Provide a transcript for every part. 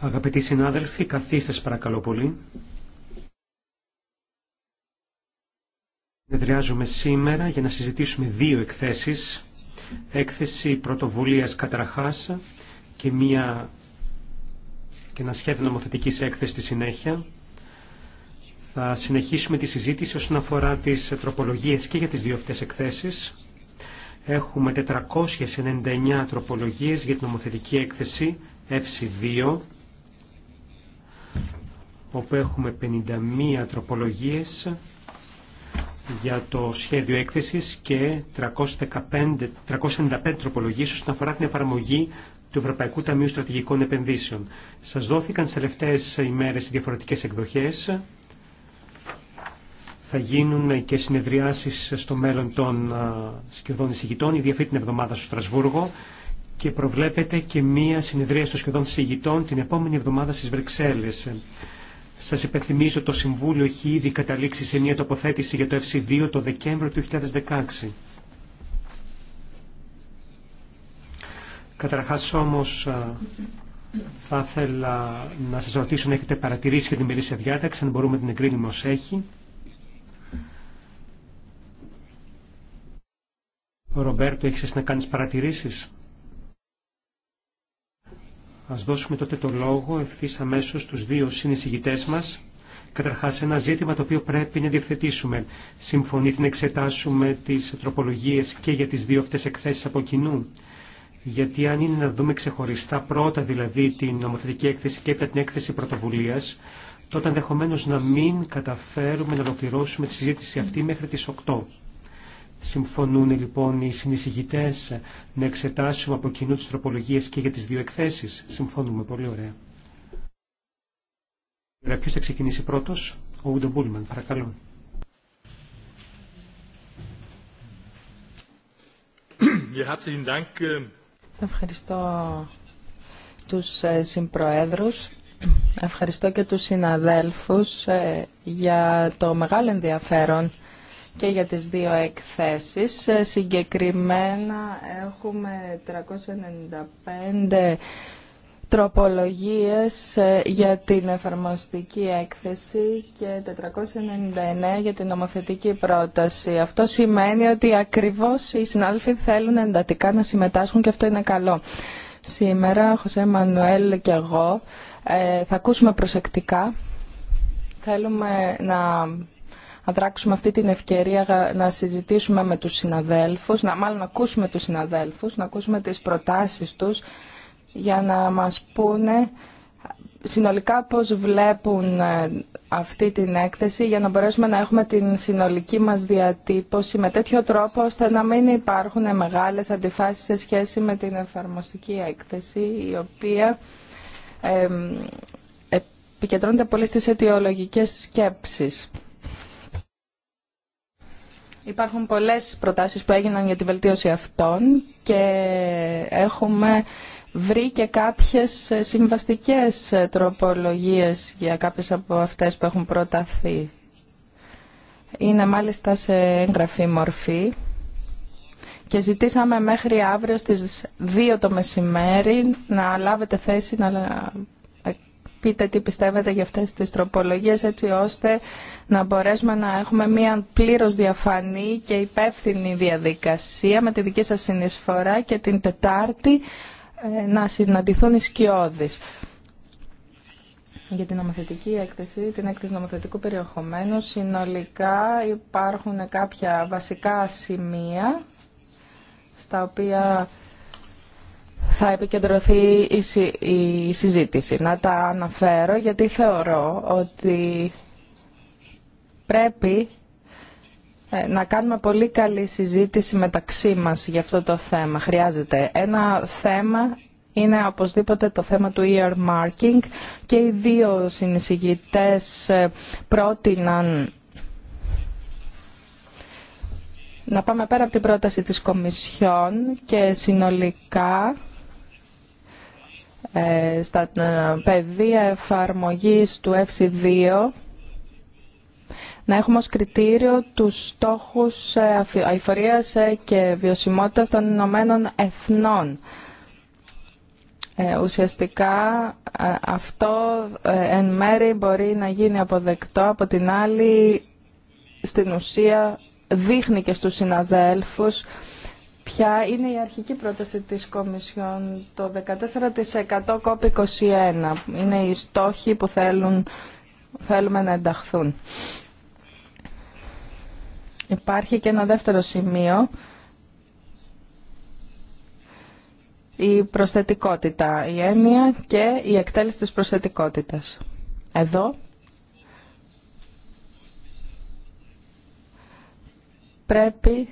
Αγαπητοί συνάδελφοι, καθίστε παρακαλώ πολύ. Συνεδριάζουμε σήμερα για να συζητήσουμε δύο εκθέσεις. Έκθεση πρωτοβουλίας Κατραχάσα και, μια... και ένα σχέδιο νομοθετικής έκθεση στη συνέχεια. Θα συνεχίσουμε τη συζήτηση όσον αφορά τις τροπολογίες και για τις δύο αυτές εκθέσεις. Έχουμε 499 τροπολογίες για την νομοθετική έκθεση FC2 όπου έχουμε 51 τροπολογίες για το σχέδιο έκθεσης και 315, 395 τροπολογίες όσον αφορά την εφαρμογή του Ευρωπαϊκού Ταμείου Στρατηγικών Επενδύσεων. Σας δόθηκαν στις τελευταίες ημέρες διαφορετικές εκδοχές. Θα γίνουν και συνεδριάσεις στο μέλλον των ε, σκιωδών εισηγητών, ήδη την εβδομάδα στο Στρασβούργο και προβλέπεται και μία συνεδρία στο σχεδόν συγητών την επόμενη εβδομάδα στις Βρυξέλλες. Σας υπενθυμίζω το Συμβούλιο έχει ήδη καταλήξει σε μία τοποθέτηση για το FC2 το Δεκέμβριο του 2016. Καταρχάς όμως θα ήθελα να σας ρωτήσω αν έχετε παρατηρήσει για την μερίσια διάταξη, αν μπορούμε την εγκρίνουμε ως έχει. Ρομπέρτο, έχεις να κάνεις παρατηρήσεις. Ας δώσουμε τότε το λόγο ευθύ αμέσω στους δύο συνεισηγητές μας. Καταρχάς ένα ζήτημα το οποίο πρέπει να διευθετήσουμε. Συμφωνείτε να εξετάσουμε τις τροπολογίες και για τις δύο αυτές εκθέσεις από κοινού. Γιατί αν είναι να δούμε ξεχωριστά πρώτα δηλαδή την νομοθετική έκθεση και την έκθεση πρωτοβουλίας, τότε ενδεχομένω να μην καταφέρουμε να ολοκληρώσουμε τη συζήτηση αυτή μέχρι τις 8. Συμφωνούν λοιπόν οι συνεισηγητές να εξετάσουμε από κοινού τι τροπολογίε και για τις δύο εκθέσει. Συμφωνούμε πολύ ωραία. Ωραία, θα ξεκινήσει πρώτος, ο Ούντο Μπούλμαν, παρακαλώ. Äh, Ευχαριστώ τους ε, συμπροέδρους. Ευχαριστώ και τους συναδέλφους ε, για το μεγάλο ενδιαφέρον και για τις δύο εκθέσεις. Ε, συγκεκριμένα έχουμε 395 τροπολογίες ε, για την εφαρμοστική έκθεση και 499 για την νομοθετική πρόταση. Αυτό σημαίνει ότι ακριβώς οι συνάδελφοι θέλουν εντατικά να συμμετάσχουν και αυτό είναι καλό. Σήμερα, ο Χωσέ Μανουέλ και εγώ ε, θα ακούσουμε προσεκτικά. Θέλουμε να να δράξουμε αυτή την ευκαιρία να συζητήσουμε με τους συναδέλφους, να μάλλον να ακούσουμε τους συναδέλφους, να ακούσουμε τις προτάσεις τους για να μας πούνε συνολικά πώς βλέπουν ε, αυτή την έκθεση για να μπορέσουμε να έχουμε την συνολική μας διατύπωση με τέτοιο τρόπο ώστε να μην υπάρχουν μεγάλες αντιφάσεις σε σχέση με την εφαρμοστική έκθεση η οποία επικεντρώνεται πολύ στις αιτιολογικές σκέψεις. Υπάρχουν πολλές προτάσεις που έγιναν για τη βελτίωση αυτών και έχουμε βρει και κάποιες συμβαστικές τροπολογίες για κάποιες από αυτές που έχουν προταθεί. Είναι μάλιστα σε έγγραφη μορφή και ζητήσαμε μέχρι αύριο στις 2 το μεσημέρι να λάβετε θέση να πείτε τι πιστεύετε για αυτές τις τροπολογίες έτσι ώστε να μπορέσουμε να έχουμε μια πλήρως διαφανή και υπεύθυνη διαδικασία με τη δική σας συνεισφορά και την Τετάρτη ε, να συναντηθούν οι σκιώδεις. Για την νομοθετική έκθεση, την έκθεση νομοθετικού περιεχομένου, συνολικά υπάρχουν κάποια βασικά σημεία στα οποία θα επικεντρωθεί η, συζήτηση. Να τα αναφέρω γιατί θεωρώ ότι πρέπει ε, να κάνουμε πολύ καλή συζήτηση μεταξύ μας για αυτό το θέμα. Χρειάζεται ένα θέμα είναι οπωσδήποτε το θέμα του earmarking και οι δύο συνεισηγητές ε, πρότειναν να πάμε πέρα από την πρόταση της Κομισιόν και συνολικά ε, στα ε, πεδία εφαρμογής του FC2 να έχουμε ως κριτήριο τους στόχους ε, αηφορίας και βιωσιμότητας των Ηνωμένων Εθνών. Ουσιαστικά αυτό εν μέρη μπορεί να γίνει αποδεκτό, από την άλλη στην ουσία δείχνει και στους συναδέλφους Ποια είναι η αρχική πρόταση της Κομισιόν, το 14% COP21. Είναι οι στόχοι που θέλουν, θέλουμε να ενταχθούν. Υπάρχει και ένα δεύτερο σημείο, η προσθετικότητα, η έννοια και η εκτέλεση της προσθετικότητας. Εδώ πρέπει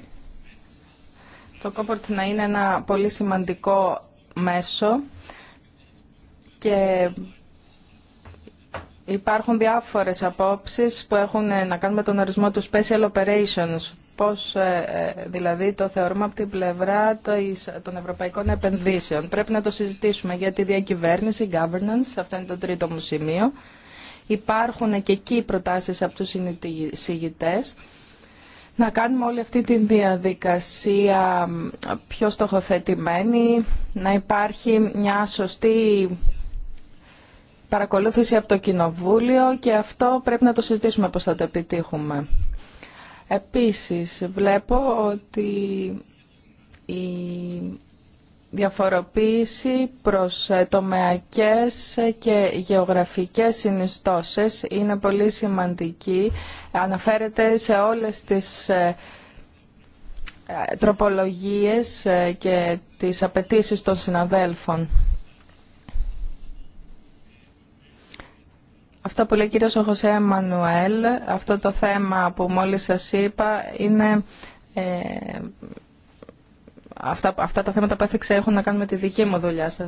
το κόπορτ να είναι ένα πολύ σημαντικό μέσο και υπάρχουν διάφορες απόψεις που έχουν ε, να κάνουν με τον ορισμό του Special Operations. Πώς ε, ε, δηλαδή το θεωρούμε από την πλευρά των ευρωπαϊκών επενδύσεων. Πρέπει να το συζητήσουμε για τη διακυβέρνηση, governance, αυτό είναι το τρίτο μου σημείο. Υπάρχουν και εκεί προτάσεις από τους συνεισηγητές να κάνουμε όλη αυτή τη διαδικασία πιο στοχοθετημένη, να υπάρχει μια σωστή παρακολούθηση από το Κοινοβούλιο και αυτό πρέπει να το συζητήσουμε πώς θα το επιτύχουμε. Επίσης, βλέπω ότι η διαφοροποίηση προς ε, τομεακές και γεωγραφικές συνιστώσεις είναι πολύ σημαντική. Αναφέρεται σε όλες τις ε, ε, τροπολογίες και τις απαιτήσεις των συναδέλφων. Αυτό που λέει κύριος ο Χωσέ Μανουέλ, αυτό το θέμα που μόλις σας είπα, είναι αυτά, αυτά τα θέματα που έθιξε έχουν να κάνουν με τη δική μου δουλειά σα,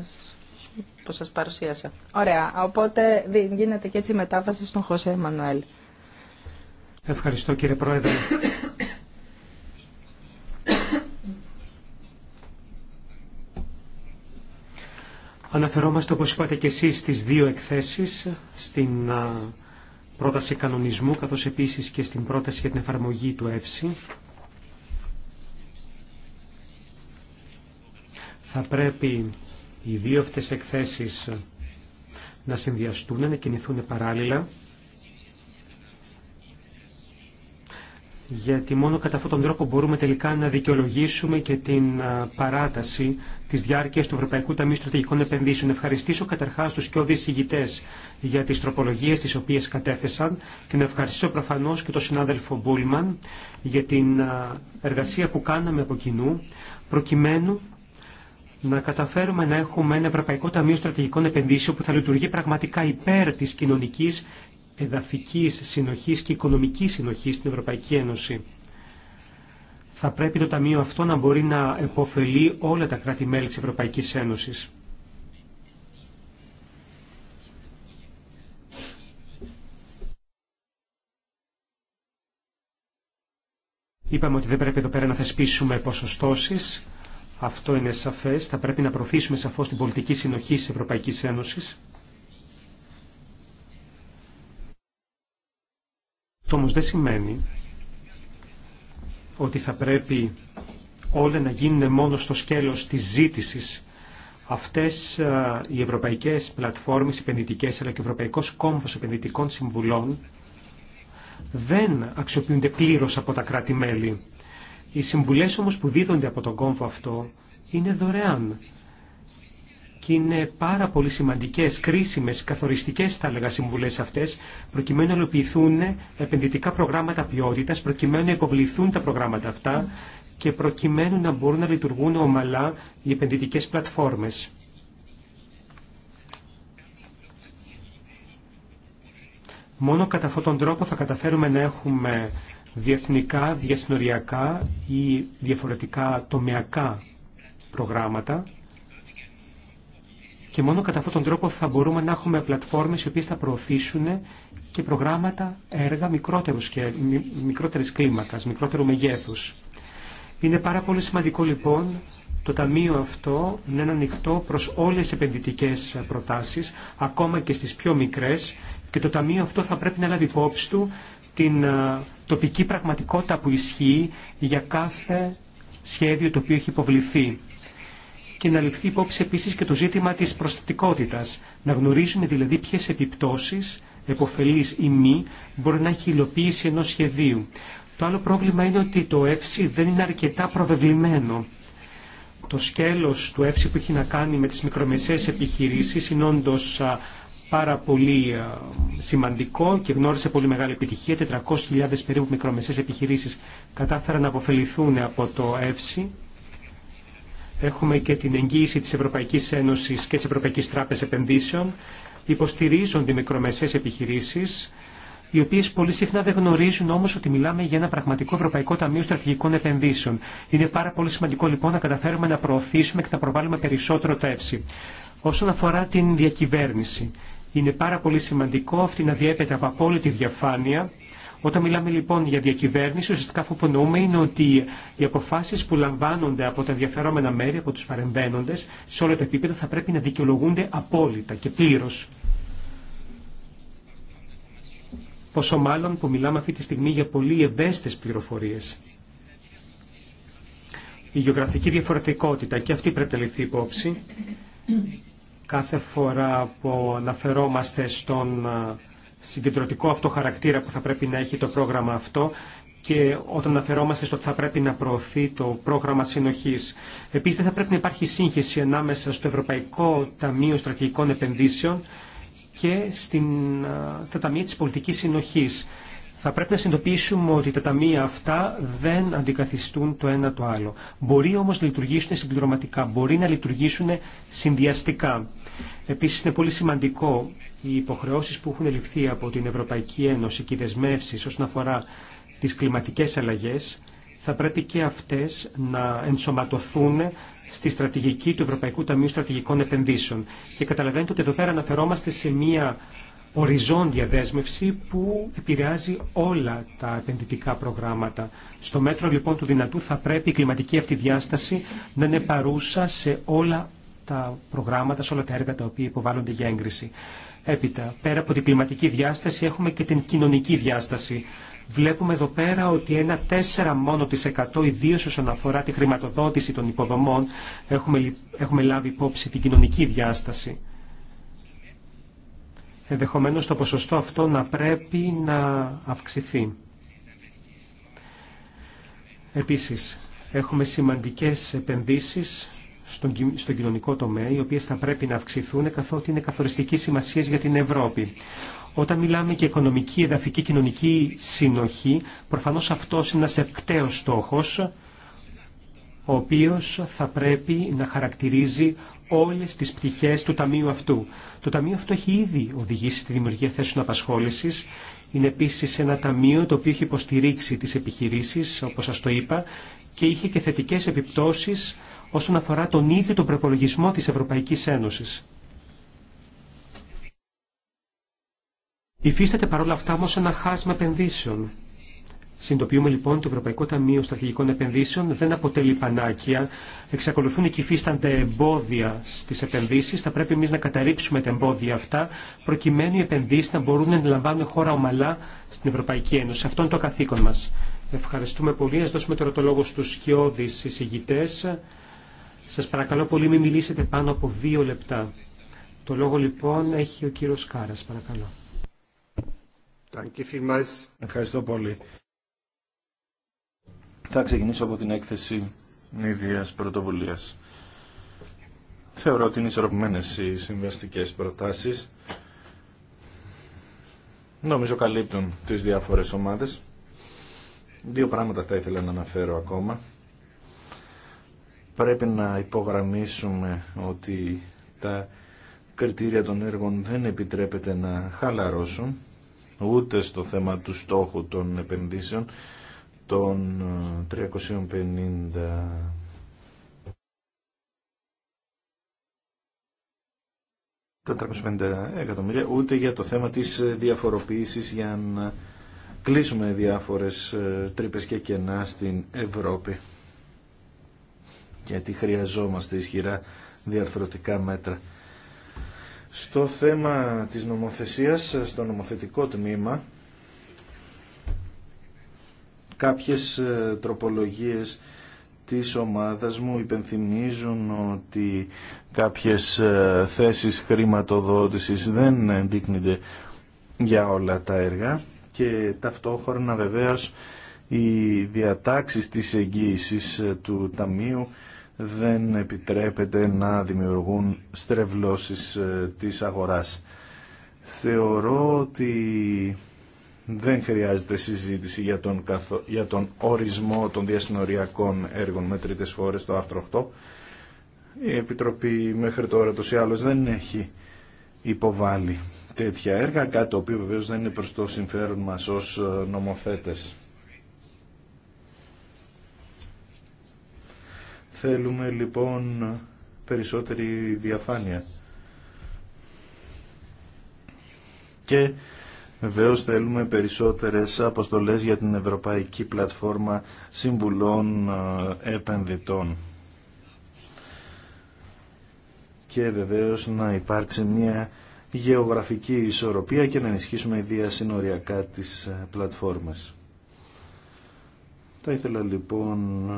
που σας παρουσίασα. Ωραία. Οπότε γίνεται και έτσι η μετάβαση στον Χωσέ Μανουέλ. Ευχαριστώ κύριε Πρόεδρε. Αναφερόμαστε, όπως είπατε και εσείς, στις δύο εκθέσεις, στην πρόταση κανονισμού, καθώς επίσης και στην πρόταση για την εφαρμογή του ΕΦΣΥ. Θα πρέπει οι δύο αυτές εκθέσεις να συνδυαστούν, να κινηθούν παράλληλα, γιατί μόνο κατά αυτόν τον τρόπο μπορούμε τελικά να δικαιολογήσουμε και την παράταση της διάρκειας του Ευρωπαϊκού Ταμείου Στρατηγικών Επενδύσεων. Ευχαριστήσω καταρχάς τους και οδησηγητές για τις τροπολογίες τις οποίες κατέθεσαν και να ευχαριστήσω προφανώς και τον συνάδελφο Μπούλμαν για την εργασία που κάναμε από κοινού προκειμένου να καταφέρουμε να έχουμε ένα Ευρωπαϊκό Ταμείο Στρατηγικών Επενδύσεων που θα λειτουργεί πραγματικά υπέρ της κοινωνικής, εδαφικής συνοχής και οικονομικής συνοχής στην Ευρωπαϊκή Ένωση. Θα πρέπει το Ταμείο αυτό να μπορεί να επωφελεί όλα τα κράτη-μέλη της Ευρωπαϊκής Ένωσης. Είπαμε ότι δεν πρέπει εδώ πέρα να θεσπίσουμε ποσοστώσεις αυτό είναι σαφές. Θα πρέπει να προωθήσουμε σαφώς την πολιτική συνοχή της Ευρωπαϊκής Ένωσης. Το όμως δεν σημαίνει ότι θα πρέπει όλα να γίνουν μόνο στο σκέλος της ζήτησης. Αυτές οι ευρωπαϊκές πλατφόρμες επενδυτικές αλλά και ο Ευρωπαϊκός Κόμβος Επενδυτικών Συμβουλών δεν αξιοποιούνται πλήρως από τα κράτη-μέλη. Οι συμβουλές όμως που δίδονται από τον κόμβο αυτό είναι δωρεάν και είναι πάρα πολύ σημαντικές, κρίσιμες, καθοριστικές θα έλεγα συμβουλές αυτές, προκειμένου να ολοποιηθούν επενδυτικά προγράμματα ποιότητας, προκειμένου να υποβληθούν τα προγράμματα αυτά και προκειμένου να μπορούν να λειτουργούν ομαλά οι επενδυτικές πλατφόρμες. Μόνο κατά αυτόν τον τρόπο θα καταφέρουμε να έχουμε διεθνικά, διασυνοριακά ή διαφορετικά τομεακά προγράμματα και μόνο κατά αυτόν τον τρόπο θα μπορούμε να έχουμε πλατφόρμες οι οποίες θα προωθήσουν και προγράμματα, έργα μικρότερους και, μικρότερης κλίμακας, μικρότερου μεγέθους. Είναι πάρα πολύ σημαντικό λοιπόν το ταμείο αυτό να είναι ανοιχτό προς όλες τις επενδυτικές προτάσεις, ακόμα και στις πιο μικρές, και το ταμείο αυτό θα πρέπει να λάβει υπόψη του την ε, τοπική πραγματικότητα που ισχύει για κάθε σχέδιο το οποίο έχει υποβληθεί. Και να ληφθεί υπόψη επίσης και το ζήτημα της προστατικότητας. Να γνωρίζουμε δηλαδή ποιες επιπτώσεις, εποφελής ή μη, μπορεί να έχει υλοποίηση ενός σχεδίου. Το άλλο πρόβλημα είναι ότι το ΕΦΣΙ δεν είναι αρκετά προβεβλημένο. Το σκέλος του ΕΦΣΙ που έχει να κάνει με τις μικρομεσαίες επιχειρήσεις είναι όντως πάρα πολύ ε, σημαντικό και γνώρισε πολύ μεγάλη επιτυχία. 400.000 περίπου μικρομεσαίες επιχειρήσεις κατάφεραν να αποφεληθούν από το ΕΦΣΥ. Έχουμε και την εγγύηση της Ευρωπαϊκής Ένωσης και της Ευρωπαϊκής Τράπεζας Επενδύσεων. Υποστηρίζονται οι μικρομεσαίες επιχειρήσεις, οι οποίες πολύ συχνά δεν γνωρίζουν όμως ότι μιλάμε για ένα πραγματικό Ευρωπαϊκό Ταμείο Στρατηγικών Επενδύσεων. Είναι πάρα πολύ σημαντικό λοιπόν να καταφέρουμε να προωθήσουμε και να προβάλλουμε περισσότερο το ΕΦΣΥ. Όσον αφορά την διακυβέρνηση, είναι πάρα πολύ σημαντικό αυτή να διέπεται από απόλυτη διαφάνεια. Όταν μιλάμε λοιπόν για διακυβέρνηση, ουσιαστικά αυτό που εννοούμε είναι ότι οι αποφάσει που λαμβάνονται από τα ενδιαφερόμενα μέρη, από του παρεμβαίνοντε, σε όλα τα επίπεδα θα πρέπει να δικαιολογούνται απόλυτα και πλήρω. Πόσο μάλλον που μιλάμε αυτή τη στιγμή για πολύ ευαίσθητε πληροφορίε. Η γεωγραφική διαφορετικότητα και αυτή πρέπει να ληφθεί υπόψη Κάθε φορά που αναφερόμαστε στον ε, συγκεντρωτικό αυτό χαρακτήρα που θα πρέπει να έχει το πρόγραμμα αυτό και όταν αναφερόμαστε στο ότι θα πρέπει να προωθεί το πρόγραμμα συνοχής. Επίσης δεν θα πρέπει να υπάρχει σύγχυση ανάμεσα στο Ευρωπαϊκό Ταμείο Στρατηγικών Επενδύσεων και στην, ε, στα Ταμεία της Πολιτικής Συνοχής. Θα πρέπει να συνειδητοποιήσουμε ότι τα ταμεία αυτά δεν αντικαθιστούν το ένα το άλλο. Μπορεί όμω να λειτουργήσουν συμπληρωματικά, μπορεί να λειτουργήσουν συνδυαστικά. Επίση, είναι πολύ σημαντικό οι υποχρεώσει που έχουν ληφθεί από την Ευρωπαϊκή Ένωση και οι δεσμεύσει όσον αφορά τι κλιματικέ αλλαγέ, θα πρέπει και αυτέ να ενσωματωθούν στη στρατηγική του Ευρωπαϊκού Ταμείου Στρατηγικών Επενδύσεων. Και καταλαβαίνετε ότι εδώ πέρα αναφερόμαστε σε μία οριζόντια δέσμευση που επηρεάζει όλα τα επενδυτικά προγράμματα. Στο μέτρο λοιπόν του δυνατού θα πρέπει η κλιματική αυτή διάσταση να είναι παρούσα σε όλα τα προγράμματα, σε όλα τα έργα τα οποία υποβάλλονται για έγκριση. Έπειτα, πέρα από την κλιματική διάσταση έχουμε και την κοινωνική διάσταση. Βλέπουμε εδώ πέρα ότι ένα 4 μόνο της 100, ιδίως όσον αφορά τη χρηματοδότηση των υποδομών, έχουμε, έχουμε λάβει υπόψη την κοινωνική διάσταση ενδεχομένως το ποσοστό αυτό να πρέπει να αυξηθεί. Επίσης, έχουμε σημαντικές επενδύσεις στον κοινωνικό τομέα, οι οποίες θα πρέπει να αυξηθούν καθότι είναι καθοριστική σημασία για την Ευρώπη. Όταν μιλάμε και οικονομική, εδαφική, κοινωνική συνοχή, προφανώς αυτός είναι ένας ευκταίος στόχος, ο οποίος θα πρέπει να χαρακτηρίζει όλες τις πτυχές του Ταμείου αυτού. Το Ταμείο αυτό έχει ήδη οδηγήσει στη δημιουργία θέσεων απασχόλησης. Είναι επίσης ένα ταμείο το οποίο έχει υποστηρίξει τις επιχειρήσεις, όπως σας το είπα, και είχε και θετικές επιπτώσεις όσον αφορά τον ίδιο τον προπολογισμό της Ευρωπαϊκής Ένωσης. Υφίσταται παρόλα αυτά όμως ένα χάσμα επενδύσεων Συντοποιούμε λοιπόν το Ευρωπαϊκό Ταμείο Στρατηγικών Επενδύσεων δεν αποτελεί πανάκια. Εξακολουθούν και υφίστανται εμπόδια στι επενδύσει. Θα πρέπει εμεί να καταρρύψουμε τα εμπόδια αυτά, προκειμένου οι επενδύσει να μπορούν να λαμβάνουν χώρα ομαλά στην Ευρωπαϊκή Ένωση. Αυτό είναι το καθήκον μα. Ευχαριστούμε πολύ. Α δώσουμε τώρα το λόγο στου σκιώδει εισηγητέ. Σα παρακαλώ πολύ, μην μιλήσετε πάνω από δύο λεπτά. Το λόγο λοιπόν έχει ο κύριο Κάρα, παρακαλώ. Ευχαριστώ πολύ. Θα ξεκινήσω από την έκθεση ίδια πρωτοβουλία. Θεωρώ ότι είναι ισορροπημένε οι συμβαστικέ προτάσεις. Νομίζω καλύπτουν τις διάφορες ομάδες. Δύο πράγματα θα ήθελα να αναφέρω ακόμα. Πρέπει να υπογραμμίσουμε ότι τα κριτήρια των έργων δεν επιτρέπεται να χαλαρώσουν ούτε στο θέμα του στόχου των επενδύσεων των 350 ε, 450 εκατομμύρια, ούτε για το θέμα της ε, διαφοροποίησης για να κλείσουμε διάφορες ε, τρύπες και κενά στην Ευρώπη. Γιατί χρειαζόμαστε ισχυρά διαρθρωτικά μέτρα. Στο θέμα της νομοθεσίας, στο νομοθετικό τμήμα, Κάποιες ε, τροπολογίες της ομάδας μου υπενθυμίζουν ότι κάποιες ε, θέσεις χρηματοδότησης δεν ενδείκνυνται για όλα τα έργα και ταυτόχρονα βεβαίως οι διατάξεις της εγγύησης ε, του Ταμείου δεν επιτρέπεται να δημιουργούν στρεβλώσεις της αγοράς. Θεωρώ ότι δεν χρειάζεται συζήτηση για τον, για τον ορισμό των διασυνοριακών έργων με τρίτες χώρες, το άρθρο 8. Η Επιτροπή μέχρι τώρα τους ή άλλως δεν έχει υποβάλει τέτοια έργα, κάτι το οποίο βεβαίως δεν είναι προς το συμφέρον μας ως ε, νομοθέτες. Θέλουμε λοιπόν περισσότερη διαφάνεια. Και Βεβαίω θέλουμε περισσότερες αποστολές για την Ευρωπαϊκή Πλατφόρμα Συμβουλών ε, Επενδυτών. Και βεβαίως να υπάρξει μια γεωγραφική ισορροπία και να ενισχύσουμε συνοριακά τις ε, πλατφόρμες. Θα ήθελα λοιπόν ε,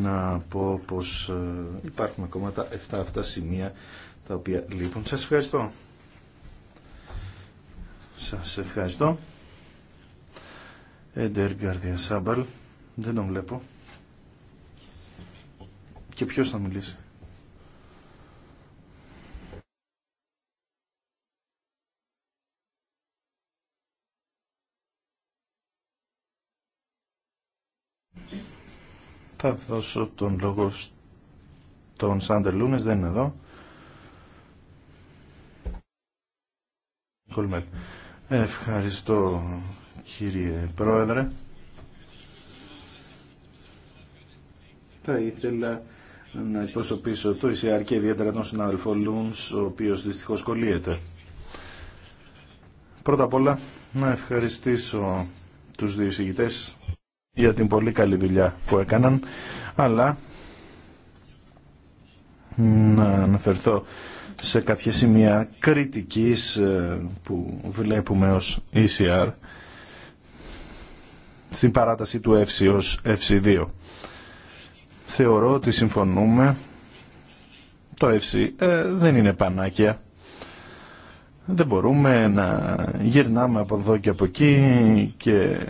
να πω πως υπάρχουν ακόμα τα 7 αυτά σημεία τα οποία λείπουν. Λοιπόν, σας ευχαριστώ. Σας ευχαριστώ. Έντερ Γκάρδια Σάμπαλ. Δεν τον βλέπω. Και ποιος θα μιλήσει. Θα δώσω τον λόγο στον Σάντερ Λούνες, δεν είναι εδώ. Ευχαριστώ κύριε Πρόεδρε. Θα ήθελα να εκπροσωπήσω το ΙΣΙΑΡ και ιδιαίτερα τον συνάδελφο Λούνς, ο οποίος δυστυχώς κολλείεται. Πρώτα απ' όλα να ευχαριστήσω τους δύο εισηγητές για την πολύ καλή δουλειά που έκαναν, αλλά να αναφερθώ σε κάποια σημεία κριτικής ε, που βλέπουμε ως ECR στην παράταση του FC ως FC2. Θεωρώ ότι συμφωνούμε. Το FC ε, δεν είναι πανάκια. Δεν μπορούμε να γυρνάμε από εδώ και από εκεί και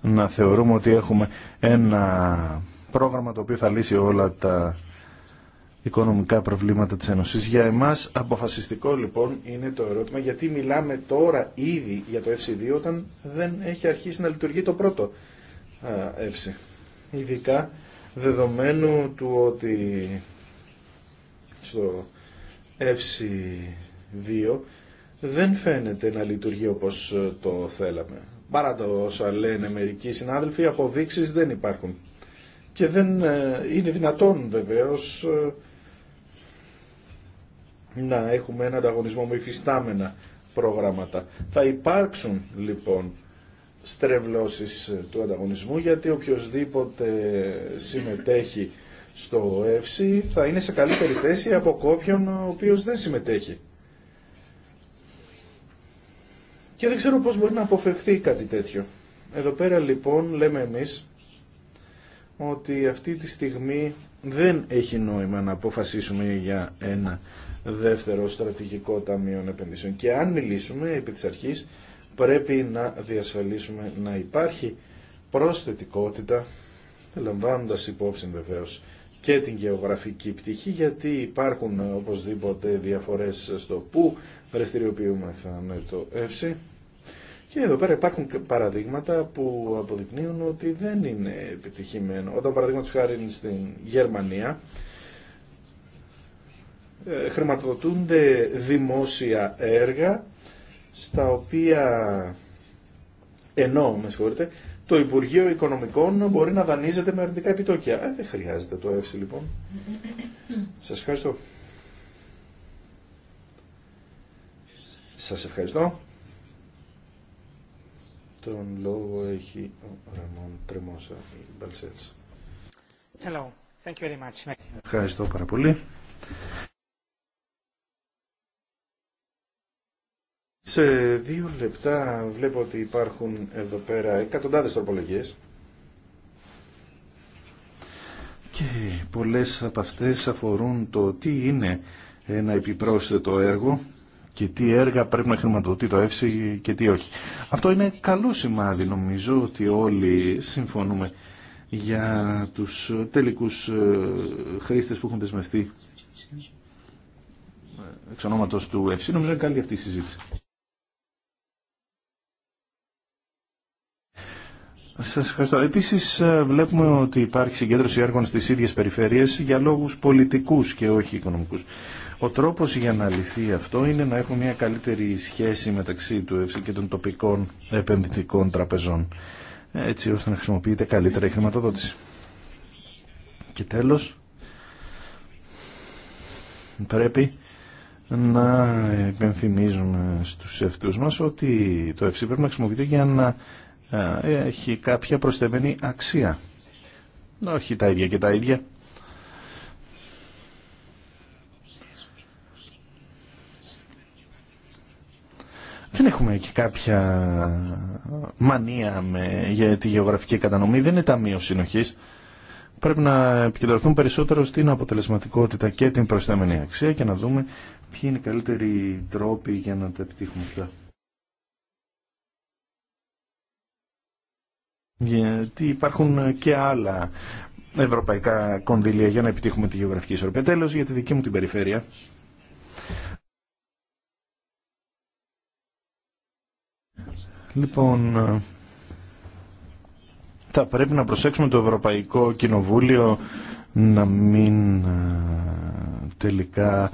να θεωρούμε ότι έχουμε ένα πρόγραμμα το οποίο θα λύσει όλα τα οικονομικά προβλήματα της Ένωσης. Για εμάς αποφασιστικό λοιπόν είναι το ερώτημα γιατί μιλάμε τώρα ήδη για το FC2 όταν δεν έχει αρχίσει να λειτουργεί το πρώτο FC. Ειδικά δεδομένου του ότι στο FC2 δεν φαίνεται να λειτουργεί όπως ε, το θέλαμε. Παρά το όσα λένε μερικοί συνάδελφοι, αποδείξεις δεν υπάρχουν. Και δεν ε, είναι δυνατόν βεβαίως ε, να έχουμε ένα ανταγωνισμό με υφιστάμενα προγράμματα. Θα υπάρξουν λοιπόν στρεβλώσεις του ανταγωνισμού γιατί οποιοδήποτε συμμετέχει στο ΕΦΣΥ θα είναι σε καλύτερη θέση από κάποιον ο οποίος δεν συμμετέχει. Και δεν ξέρω πώς μπορεί να αποφευθεί κάτι τέτοιο. Εδώ πέρα λοιπόν λέμε εμείς ότι αυτή τη στιγμή δεν έχει νόημα να αποφασίσουμε για ένα δεύτερο στρατηγικό ταμείο επενδύσεων. Και αν μιλήσουμε επί της αρχής πρέπει να διασφαλίσουμε να υπάρχει προσθετικότητα, λαμβάνοντας υπόψη βεβαίως και την γεωγραφική πτυχή, γιατί υπάρχουν οπωσδήποτε διαφορές στο πού θα με το ΕΦΣΥ. Και εδώ πέρα υπάρχουν παραδείγματα που αποδεικνύουν ότι δεν είναι επιτυχημένο. Όταν παραδείγματο χάρη είναι στην Γερμανία, ε, χρηματοδοτούνται δημόσια έργα στα οποία ενώ, με συγχωρείτε, το Υπουργείο Οικονομικών μπορεί να δανείζεται με αρνητικά επιτόκια. Ε, δεν χρειάζεται το ΕΦΣΙ λοιπόν. Σας ευχαριστώ. Σας ευχαριστώ. Τον λόγο έχει ο Ραμόν Τρεμόσα Μπαλσέτς. Ευχαριστώ πάρα πολύ. Σε δύο λεπτά βλέπω ότι υπάρχουν εδώ πέρα εκατοντάδες τροπολογίες και πολλές από αυτές αφορούν το τι είναι ένα επιπρόσθετο έργο και τι έργα πρέπει να χρηματοδοτεί το ΕΦΣΙ και τι όχι. Αυτό είναι καλό σημάδι νομίζω ότι όλοι συμφωνούμε για τους τελικούς ε, χρήστες που έχουν δεσμευτεί ε, εξ ονόματος του ΕΦΣΙ. Νομίζω είναι καλή αυτή η συζήτηση. Σας ευχαριστώ. Επίσης ε, βλέπουμε ότι υπάρχει συγκέντρωση έργων στις ίδιες περιφέρειες για λόγους πολιτικούς και όχι οικονομικούς. Ο τρόπος για να λυθεί αυτό είναι να έχουμε μια καλύτερη σχέση μεταξύ του ΕΦΣΙ και των τοπικών επενδυτικών τραπεζών, έτσι ώστε να χρησιμοποιείται καλύτερα η χρηματοδότηση. Και τέλος, πρέπει να υπενθυμίζουμε στους ευθύους μας ότι το ΕΦΣΙ πρέπει να χρησιμοποιείται για να ε, έχει κάποια προσθεμένη αξία. Όχι τα ίδια και τα ίδια. Δεν έχουμε και κάποια μανία με, για τη γεωγραφική κατανομή. Δεν είναι ταμείο συνοχής. Πρέπει να επικεντρωθούμε περισσότερο στην αποτελεσματικότητα και την προσθέμενη αξία και να δούμε ποιοι είναι οι καλύτεροι τρόποι για να τα επιτύχουμε αυτά. Γιατί υπάρχουν και άλλα ευρωπαϊκά κονδύλια για να επιτύχουμε τη γεωγραφική ισορροπία. Τέλο, για τη δική μου την περιφέρεια. Λοιπόν, ε, θα πρέπει να προσέξουμε το Ευρωπαϊκό Κοινοβούλιο να μην ε, τελικά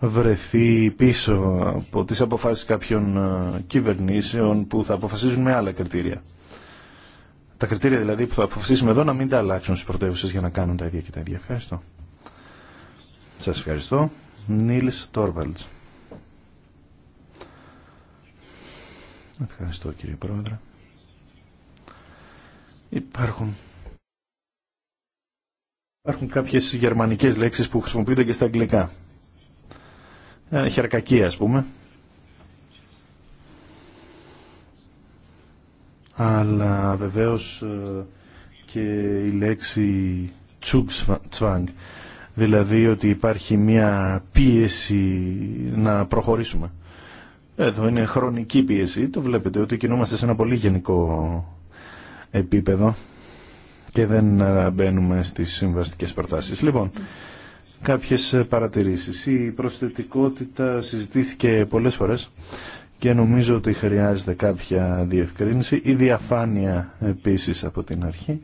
βρεθεί πίσω από τις αποφάσεις κάποιων ε, κυβερνήσεων που θα αποφασίζουν με άλλα κριτήρια. Τα κριτήρια δηλαδή που θα αποφασίσουμε εδώ να μην τα αλλάξουν στις πρωτεύουσες για να κάνουν τα ίδια και τα ίδια. Ευχαριστώ. Σας ευχαριστώ. Νίλς Τόρβαλτς. Ευχαριστώ κύριε Πρόεδρε. Υπάρχουν Υπάρχουν κάποιες γερμανικές λέξεις που χρησιμοποιούνται και στα αγγλικά. Ε, χερκακία ας πούμε. Αλλά βεβαίως ε, και η λέξη τσουγκσβάγκ. Δηλαδή ότι υπάρχει μια πίεση να προχωρήσουμε. Εδώ είναι χρονική πίεση, το βλέπετε ότι κινούμαστε σε ένα πολύ γενικό επίπεδο και δεν ε, μπαίνουμε στις συμβαστικές προτάσεις. Λοιπόν, κάποιες παρατηρήσεις. Η προσθετικότητα συζητήθηκε πολλές φορές και νομίζω ότι χρειάζεται κάποια διευκρίνηση. Η διαφάνεια επίσης από την αρχή.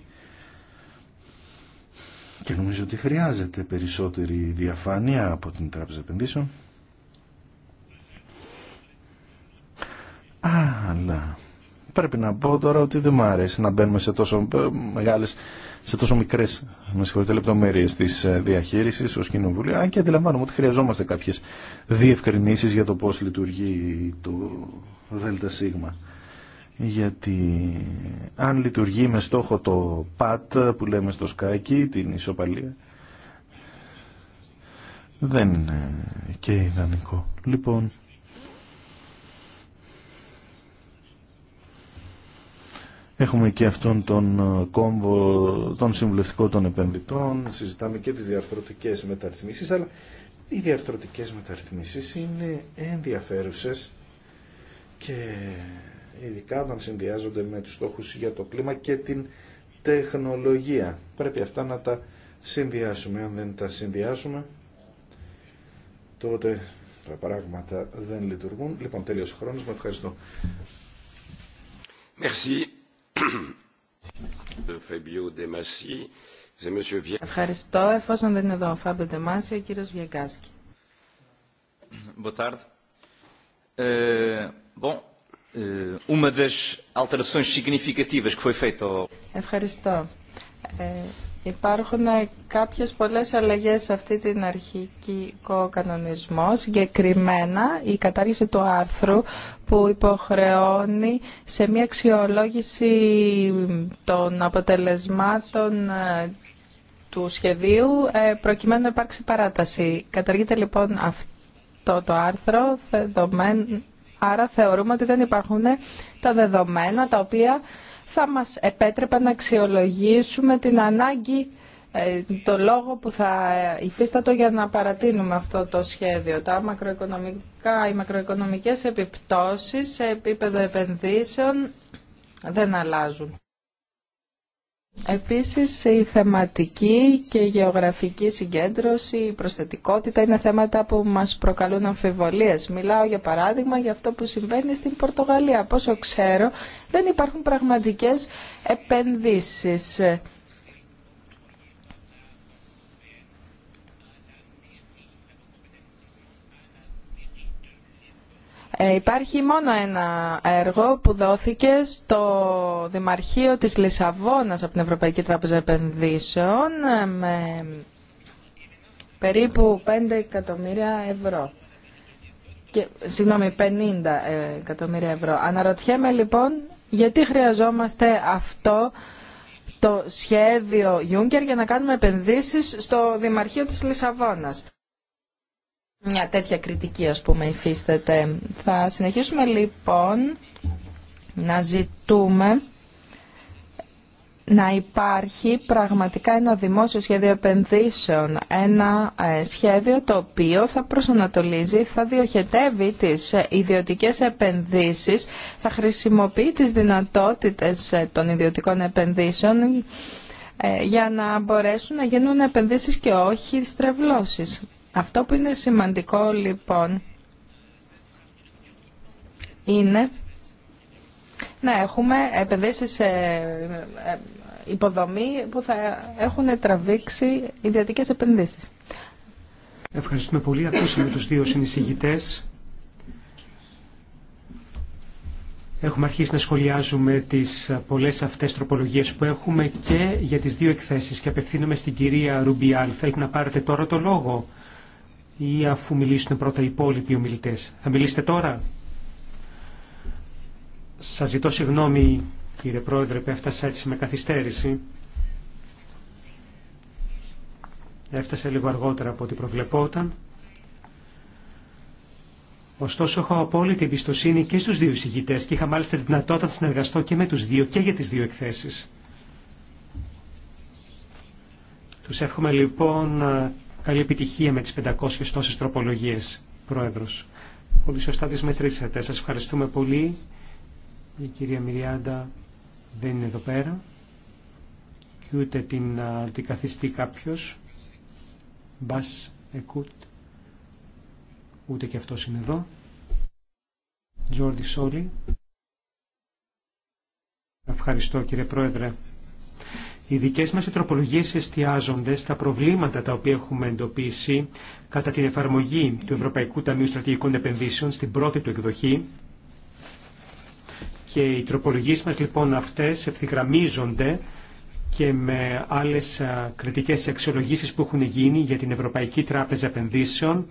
Και νομίζω ότι χρειάζεται περισσότερη διαφάνεια από την Τράπεζα Επενδύσεων. Αλλά πρέπει να πω τώρα ότι δεν μου αρέσει να μπαίνουμε σε τόσο ε, μεγάλες, σε τόσο μικρές με συγχωρείτε, λεπτομέρειες της ε, διαχείρισης ως κοινοβουλίου. αν και αντιλαμβάνομαι ότι χρειαζόμαστε κάποιες διευκρινήσεις για το πώς λειτουργεί το ΔΣ. Γιατί αν λειτουργεί με στόχο το ΠΑΤ που λέμε στο ΣΚΑΚΙ, την ισοπαλία, δεν είναι και ιδανικό. Λοιπόν, Έχουμε και αυτόν τον ε, κόμβο των συμβουλευτικών των επενδυτών, συζητάμε και τις διαρθρωτικές μεταρρυθμίσεις, αλλά οι διαρθρωτικές μεταρρυθμίσεις είναι ενδιαφέρουσες και ειδικά όταν συνδυάζονται με τους στόχους για το κλίμα και την τεχνολογία. Πρέπει αυτά να τα συνδυάσουμε. Αν δεν τα συνδυάσουμε, τότε τα πράγματα δεν λειτουργούν. Λοιπόν, τέλειος χρόνος. Με ευχαριστώ. Merci. Ευχαριστώ. Εφόσον δεν είναι εδώ ο Φάμπιο Ντεμάση, ο κύριος Βιαγκάσκη. Ευχαριστώ. Υπάρχουν ε, κάποιες πολλές αλλαγές σε αυτή την αρχική κανονισμό, συγκεκριμένα η κατάργηση του άρθρου που υποχρεώνει σε μια αξιολόγηση των αποτελεσμάτων ε, του σχεδίου ε, προκειμένου να υπάρξει παράταση. Καταργείται λοιπόν αυτό το άρθρο, άρα θεωρούμε ότι δεν υπάρχουν τα δεδομένα τα οποία θα μας επέτρεπε να αξιολογήσουμε την ανάγκη, ε, το λόγο που θα υφίστατο για να παρατείνουμε αυτό το σχέδιο. Τα μακροοικονομικά, οι μακροοικονομικές επιπτώσεις σε επίπεδο επενδύσεων δεν αλλάζουν. Επίσης η θεματική και η γεωγραφική συγκέντρωση, η προσθετικότητα είναι θέματα που μας προκαλούν αμφιβολίες. Μιλάω για παράδειγμα για αυτό που συμβαίνει στην Πορτογαλία. Πόσο ξέρω δεν υπάρχουν πραγματικές επενδύσεις. Ε, υπάρχει μόνο ένα έργο που δόθηκε στο Δημαρχείο της Λισαβόνας από την Ευρωπαϊκή Τράπεζα Επενδύσεων ε, με περίπου 5 εκατομμύρια ευρώ. Και, συγγνώμη, 50 ε, εκατομμύρια ευρώ. Αναρωτιέμαι λοιπόν γιατί χρειαζόμαστε αυτό το σχέδιο Juncker για να κάνουμε επενδύσεις στο Δημαρχείο της Λισαβόνας. Μια τέτοια κριτική ας πούμε υφίσταται. Θα συνεχίσουμε λοιπόν να ζητούμε να υπάρχει πραγματικά ένα δημόσιο σχέδιο επενδύσεων, ένα ε, σχέδιο το οποίο θα προσανατολίζει, θα διοχετεύει τις ε, ιδιωτικές επενδύσεις, θα χρησιμοποιεί τις δυνατότητες ε, των ιδιωτικών επενδύσεων για να μπορέσουν να γίνουν επενδύσεις και όχι στρεβλώσεις. Αυτό που είναι σημαντικό λοιπόν είναι να έχουμε επενδύσει σε ε, υποδομή που θα έχουν τραβήξει ιδιωτικές επενδύσεις. Ευχαριστούμε πολύ. Ακούσαμε τους δύο συνεισηγητές. Έχουμε αρχίσει να σχολιάζουμε τις πολλές αυτές τροπολογίες που έχουμε και για τις δύο εκθέσεις και απευθύνομαι στην κυρία Ρουμπιάλ. Θέλετε να πάρετε τώρα το λόγο ή αφού μιλήσουν πρώτα οι υπόλοιποι ομιλητέ. Θα μιλήσετε τώρα. Σας ζητώ συγγνώμη κύριε Πρόεδρε που έφτασα έτσι με καθυστέρηση. Έφτασα λίγο αργότερα από ό,τι προβλεπόταν. Ωστόσο, έχω απόλυτη εμπιστοσύνη και στους δύο εισηγητές και είχα μάλιστα τη δυνατότητα να συνεργαστώ και με τους δύο και για τις δύο εκθέσεις. Τους εύχομαι λοιπόν Καλή επιτυχία με τις 500 τόσες τροπολογίες, Πρόεδρος. Πολύ σωστά τις μετρήσατε. Σας ευχαριστούμε πολύ. Η κυρία Μυριάντα δεν είναι εδώ πέρα και ούτε την αντικαθιστεί κάποιος. Μπας Εκούτ. Ούτε και αυτός είναι εδώ. Τζόρντι Σόλι. Ευχαριστώ κύριε Πρόεδρε. Οι δικές μας τροπολογίες εστιάζονται στα προβλήματα τα οποία έχουμε εντοπίσει κατά την εφαρμογή του Ευρωπαϊκού Ταμείου Στρατηγικών Επενδύσεων στην πρώτη του εκδοχή και οι τροπολογίες μας λοιπόν αυτές ευθυγραμμίζονται και με άλλες κριτικές αξιολογήσεις που έχουν γίνει για την Ευρωπαϊκή Τράπεζα Επενδύσεων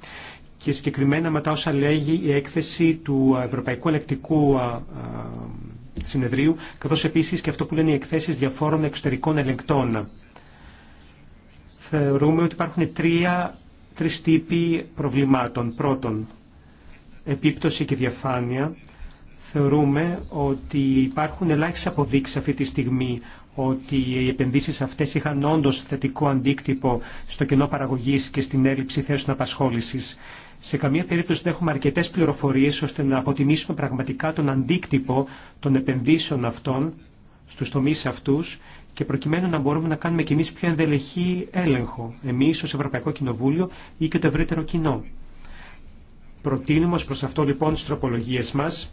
και συγκεκριμένα μετά όσα λέγει η έκθεση του Ευρωπαϊκού Ελεκτικού συνεδρίου, καθώς και αυτό που λένε οι εκθέσεις διαφόρων εξωτερικών ελεγκτών. Θεωρούμε ότι υπάρχουν τρία, τρεις τύποι προβλημάτων. Πρώτον, επίπτωση και διαφάνεια. Θεωρούμε ότι υπάρχουν ελάχιστε αποδείξει αυτή τη στιγμή ότι οι επενδύσεις αυτές είχαν όντως θετικό αντίκτυπο στο κενό παραγωγής και στην έλλειψη θέσεων απασχόλησης. Σε καμία περίπτωση δεν έχουμε αρκετές πληροφορίες ώστε να αποτιμήσουμε πραγματικά τον αντίκτυπο των επενδύσεων αυτών στους τομείς αυτούς και προκειμένου να μπορούμε να κάνουμε κι εμείς πιο ενδελεχή έλεγχο, εμείς ως Ευρωπαϊκό Κοινοβούλιο ή και το ευρύτερο κοινό. Προτείνουμε ως προς αυτό λοιπόν τις τροπολογίες μας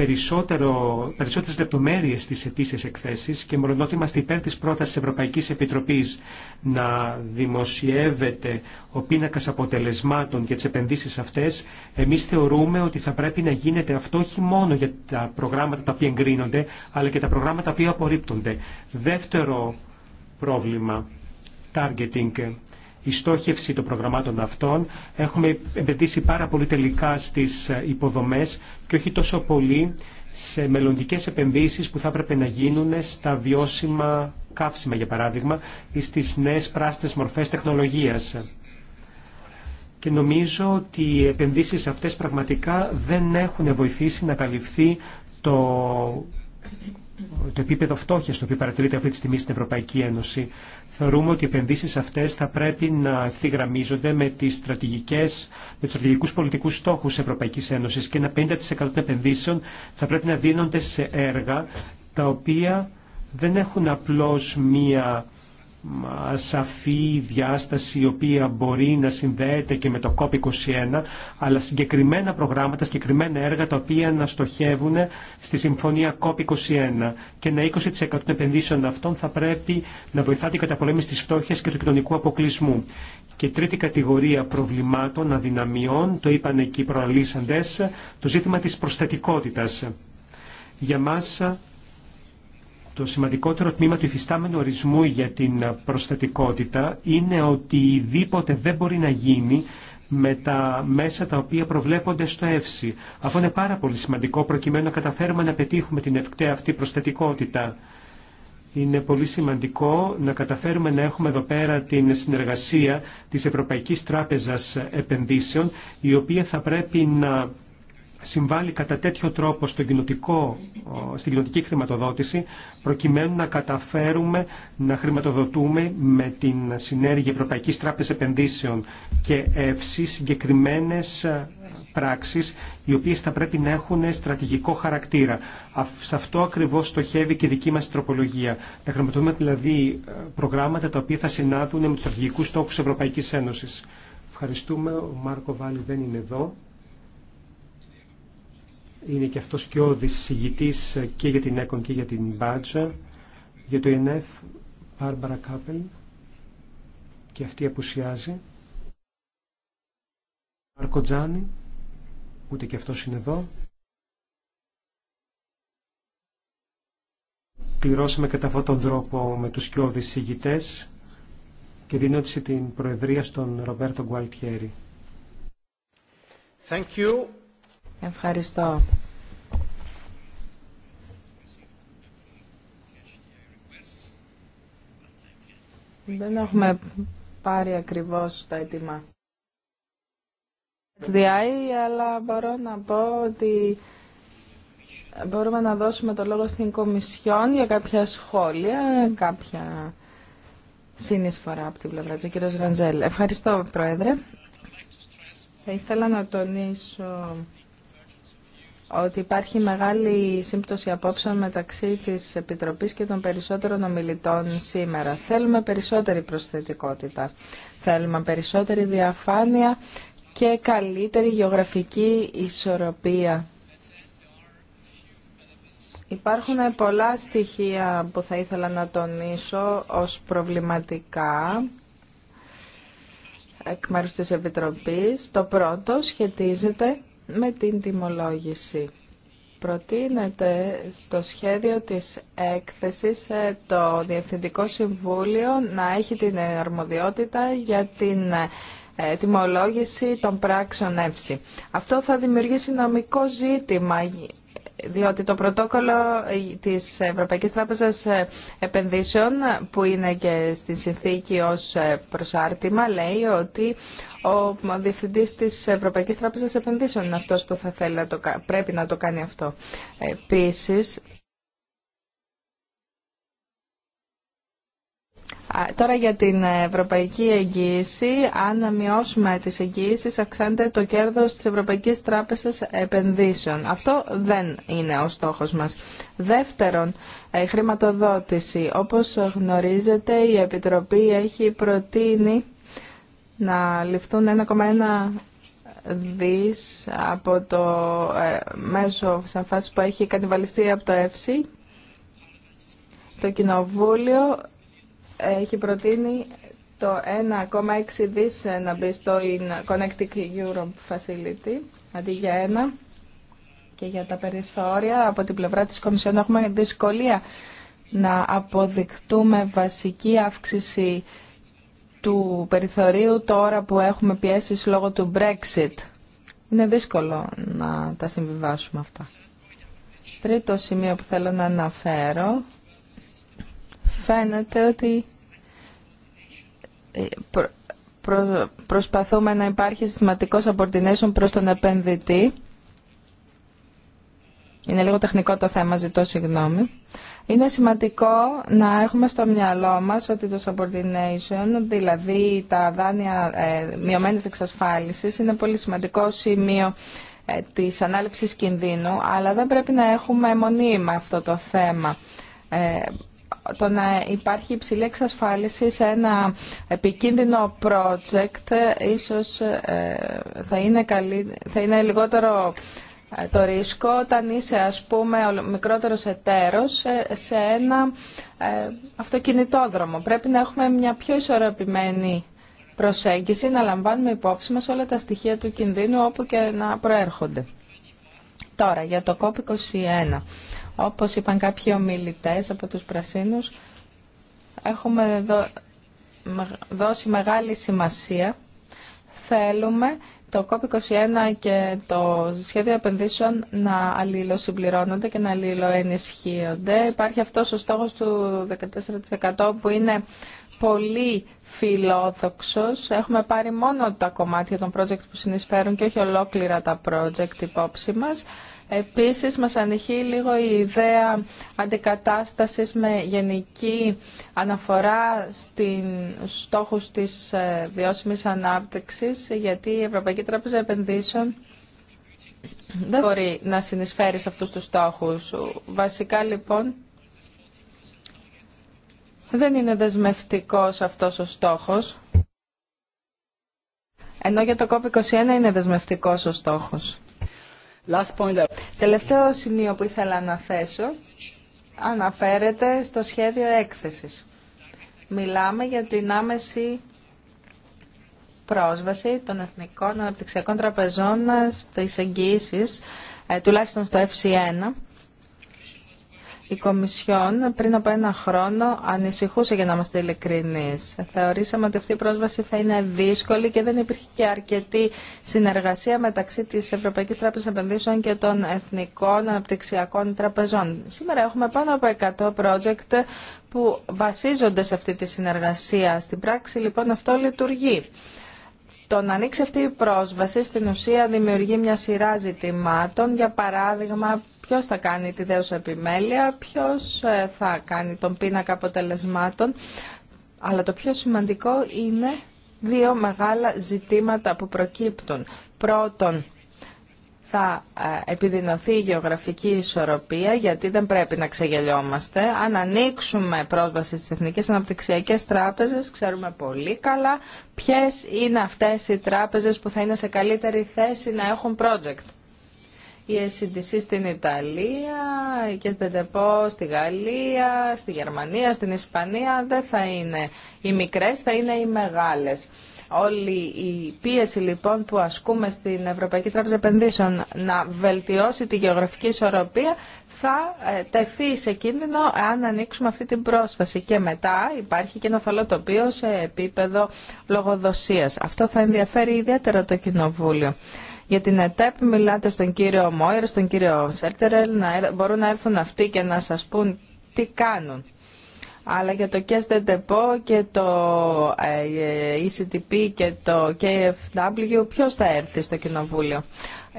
περισσότερο, περισσότερες στι στις εκθέσει. εκθέσεις και μόνο ότι είμαστε υπέρ της πρότασης Ευρωπαϊκής Επιτροπής να δημοσιεύεται ο πίνακας αποτελεσμάτων για τις επενδύσεις αυτές, εμείς θεωρούμε ότι θα πρέπει να γίνεται αυτό όχι μόνο για τα προγράμματα τα οποία εγκρίνονται, αλλά και τα προγράμματα τα οποία απορρίπτονται. Δεύτερο πρόβλημα, targeting η στόχευση των προγραμμάτων αυτών. Έχουμε επενδύσει πάρα πολύ τελικά στις ε, υποδομές και όχι τόσο πολύ σε μελλοντικές επενδύσεις που θα έπρεπε να γίνουν στα βιώσιμα καύσιμα, για παράδειγμα, ή στις νέες πράσινες μορφές τεχνολογίας. Και νομίζω ότι οι επενδύσεις αυτές πραγματικά δεν έχουν βοηθήσει να καλυφθεί το το επίπεδο φτώχεια το οποίο παρατηρείται αυτή τη στιγμή στην Ευρωπαϊκή Ένωση. Θεωρούμε ότι οι επενδύσει αυτέ θα πρέπει να ευθυγραμμίζονται με, τις στρατηγικές, με του στρατηγικού πολιτικού στόχου Ευρωπαϊκή Ένωση και ένα 50% των επενδύσεων θα πρέπει να δίνονται σε έργα τα οποία δεν έχουν απλώ μία μα σαφή διάσταση η οποία μπορεί να συνδέεται και με το COP21 αλλά συγκεκριμένα προγράμματα, συγκεκριμένα έργα τα οποία να στοχεύουν στη συμφωνία COP21 και ένα 20% των επενδύσεων αυτών θα πρέπει να βοηθά την καταπολέμηση της φτώχειας και του κοινωνικού αποκλεισμού. Και τρίτη κατηγορία προβλημάτων, αδυναμιών, το είπαν εκεί οι προαλήσαντες, το ζήτημα της προσθετικότητας. Για μας το σημαντικότερο τμήμα του υφιστάμενου ορισμού για την προσθετικότητα είναι ότι οτιδήποτε δεν μπορεί να γίνει με τα μέσα τα οποία προβλέπονται στο ΕΦΣΥ. Αυτό είναι πάρα πολύ σημαντικό προκειμένου να καταφέρουμε να πετύχουμε την ευκταία αυτή προσθετικότητα. Είναι πολύ σημαντικό να καταφέρουμε να έχουμε εδώ πέρα την συνεργασία της Ευρωπαϊκής Τράπεζας Επενδύσεων, η οποία θα πρέπει να συμβάλλει κατά τέτοιο τρόπο στο στην κοινωτική χρηματοδότηση προκειμένου να καταφέρουμε να χρηματοδοτούμε με την συνέργεια Ευρωπαϊκής Τράπεζας Επενδύσεων και ΕΦΣΗ συγκεκριμένες ε, πράξεις οι οποίες θα πρέπει να έχουν στρατηγικό χαρακτήρα. Σε αυτό ακριβώς στοχεύει και η δική μας τροπολογία. Τα χρηματοδοτούμε δηλαδή ε, προγράμματα τα οποία θα συνάδουν με τους στρατηγικούς στόχους Ευρωπαϊκής Ένωσης. Ευχαριστούμε. Ο Μάρκο Βάλι δεν είναι εδώ είναι και αυτός και ο και για την ΕΚΟΝ και για την Μπάτζα, για το ΕΝΕΦ, Μπάρμπαρα Κάπελ, και αυτή απουσιάζει. Μάρκο ούτε και αυτός είναι εδώ. Πληρώσαμε κατά αυτόν τον τρόπο με τους σκιώδεις συγητές και δίνω την προεδρία στον Ρομπέρτο Γκουαλτιέρη. Thank Ευχαριστώ. Δεν έχουμε πάρει ακριβώς το αίτημα. αλλά μπορώ να πω ότι μπορούμε να δώσουμε το λόγο στην Κομισιόν για κάποια σχόλια, κάποια συνεισφορά από την πλευρά της. Κύριος Ρανζέλ. Ευχαριστώ, Πρόεδρε. Θα ήθελα να τονίσω ότι υπάρχει μεγάλη σύμπτωση απόψεων μεταξύ της Επιτροπής και των περισσότερων ομιλητών σήμερα. Θέλουμε περισσότερη προσθετικότητα, θέλουμε περισσότερη διαφάνεια και καλύτερη γεωγραφική ισορροπία. Υπάρχουν πολλά στοιχεία που θα ήθελα να τονίσω ως προβληματικά εκ μέρους της Επιτροπής. Το πρώτο σχετίζεται με την τιμολόγηση. Προτείνεται στο σχέδιο της έκθεσης ε, το Διευθυντικό Συμβούλιο να έχει την αρμοδιότητα για την ε, τιμολόγηση των πράξεων έψη. Αυτό θα δημιουργήσει νομικό ζήτημα διότι το πρωτόκολλο ε, της Ευρωπαϊκής Τράπεζας ε, Επενδύσεων που είναι και στη συνθήκη ως ε, προσάρτημα λέει ότι ο διευθυντής της Ευρωπαϊκής Τράπεζας Επενδύσεων είναι αυτός που θα θέλει να το, πρέπει να το κάνει αυτό. Επίσης, Τώρα για την ευρωπαϊκή εγγύηση, αν μειώσουμε τις εγγύησεις αυξάνεται το κέρδος της Ευρωπαϊκής Τράπεζας Επενδύσεων. Αυτό δεν είναι ο στόχος μας. Δεύτερον, ε, χρηματοδότηση. Όπως γνωρίζετε η Επιτροπή έχει προτείνει να ληφθούν 1,1 δις από το ε, μέσο σαφάς που έχει κανιβαλιστεί από το ΕΦΣΥ. Το Κοινοβούλιο έχει προτείνει το 1,6 δις να μπει στο Connecting Europe Facility, αντί για ένα. Και για τα περιθώρια, από την πλευρά της Κομισιόν έχουμε δυσκολία να αποδεικτούμε βασική αύξηση του περιθωρίου τώρα που έχουμε πιέσει λόγω του Brexit. Είναι δύσκολο να τα συμβιβάσουμε αυτά. Τρίτο σημείο που θέλω να αναφέρω φαίνεται ότι ε, προσπαθούμε να υπάρχει συστηματικό απορτινέσεων προς τον επενδυτή. Είναι λίγο τεχνικό το θέμα, ζητώ συγγνώμη. Είναι σημαντικό να έχουμε στο μυαλό μας ότι το subordination, δηλαδή τα δάνεια ε, μειωμένης εξασφάλισης, είναι πολύ σημαντικό σημείο ε, της ανάληψης κινδύνου, αλλά δεν πρέπει να έχουμε μονίμα αυτό το θέμα. Ε, το να υπάρχει υψηλή εξασφάλιση σε ένα επικίνδυνο project ίσως ε, θα είναι, θα είναι λιγότερο ε, το ρίσκο όταν είσαι ας πούμε μικρότερος εταίρος ε, σε ένα αυτοκινητόδρομο. Πρέπει να έχουμε μια πιο ισορροπημένη προσέγγιση, να λαμβάνουμε υπόψη μας όλα τα στοιχεία του κινδύνου όπου και να προέρχονται. Τώρα για το COP21. Όπως είπαν κάποιοι ομιλητές από τους Πρασίνους, έχουμε δώσει μεγάλη σημασία. Θέλουμε το COP21 και το σχέδιο επενδύσεων να αλληλοσυμπληρώνονται και να αλληλοενισχύονται. Υπάρχει αυτός ο στόχος του 14% που είναι πολύ φιλόδοξος. Έχουμε πάρει μόνο τα κομμάτια των project που συνεισφέρουν και όχι ολόκληρα τα project υπόψη μας. Επίσης μας ανηχεί λίγο η ιδέα αντικατάστασης με γενική αναφορά στην στόχους της ε, βιώσιμης ανάπτυξης γιατί η Ευρωπαϊκή Τράπεζα Επενδύσεων δεν μπορεί να συνεισφέρει σε αυτούς τους στόχους. Βασικά λοιπόν δεν είναι δεσμευτικός αυτός ο στόχος ενώ για το COP21 είναι δεσμευτικός ο στόχος. Τελευταίο σημείο που ήθελα να θέσω αναφέρεται στο σχέδιο έκθεσης. Μιλάμε για την άμεση πρόσβαση των Εθνικών Αναπτυξιακών Τραπεζών στις εγγύησεις, ε, τουλάχιστον στο FC1, η Κομισιόν πριν από ένα χρόνο ανησυχούσε για να είμαστε ειλικρινεί. Θεωρήσαμε ότι αυτή η πρόσβαση θα είναι δύσκολη και δεν υπήρχε και αρκετή συνεργασία μεταξύ της Ευρωπαϊκής Τράπεζας Επενδύσεων και των Εθνικών Αναπτυξιακών Τραπεζών. Σήμερα έχουμε πάνω από 100 project που βασίζονται σε αυτή τη συνεργασία. Στην πράξη λοιπόν αυτό λειτουργεί. Το να ανοίξει αυτή η πρόσβαση στην ουσία δημιουργεί μια σειρά ζητημάτων. Για παράδειγμα, ποιο θα κάνει τη δέουσα επιμέλεια, ποιος ε, θα κάνει τον πίνακα αποτελεσμάτων. Αλλά το πιο σημαντικό είναι δύο μεγάλα ζητήματα που προκύπτουν. Πρώτον, θα ε, επιδεινωθεί η γεωγραφική ισορροπία γιατί δεν πρέπει να ξεγελιόμαστε. Αν ανοίξουμε πρόσβαση στις Εθνικές Αναπτυξιακές Τράπεζες, ξέρουμε πολύ καλά ποιες είναι αυτές οι τράπεζες που θα είναι σε καλύτερη θέση να έχουν project. Η SCDC στην Ιταλία, η Κεσδεντεπό στη Γαλλία, στη Γερμανία, στην Ισπανία δεν θα είναι οι μικρές, θα είναι οι μεγάλες. Όλη η πίεση λοιπόν που ασκούμε στην Ευρωπαϊκή Τράπεζα Επενδύσεων να βελτιώσει τη γεωγραφική ισορροπία θα ε, τεθεί σε κίνδυνο αν ανοίξουμε αυτή την πρόσφαση Και μετά υπάρχει και ένα θολό τοπίο σε επίπεδο λογοδοσίας. Αυτό θα ενδιαφέρει ιδιαίτερα το Κοινοβούλιο. Για την ΕΤΕΠ μιλάτε στον κύριο Μόιρ στον κύριο Σέρτερελ, να μπορούν να έρθουν αυτοί και να σας πούν τι κάνουν αλλά για το Cash και το ε, ε, ECTP και το KFW ποιος θα έρθει στο Κοινοβούλιο.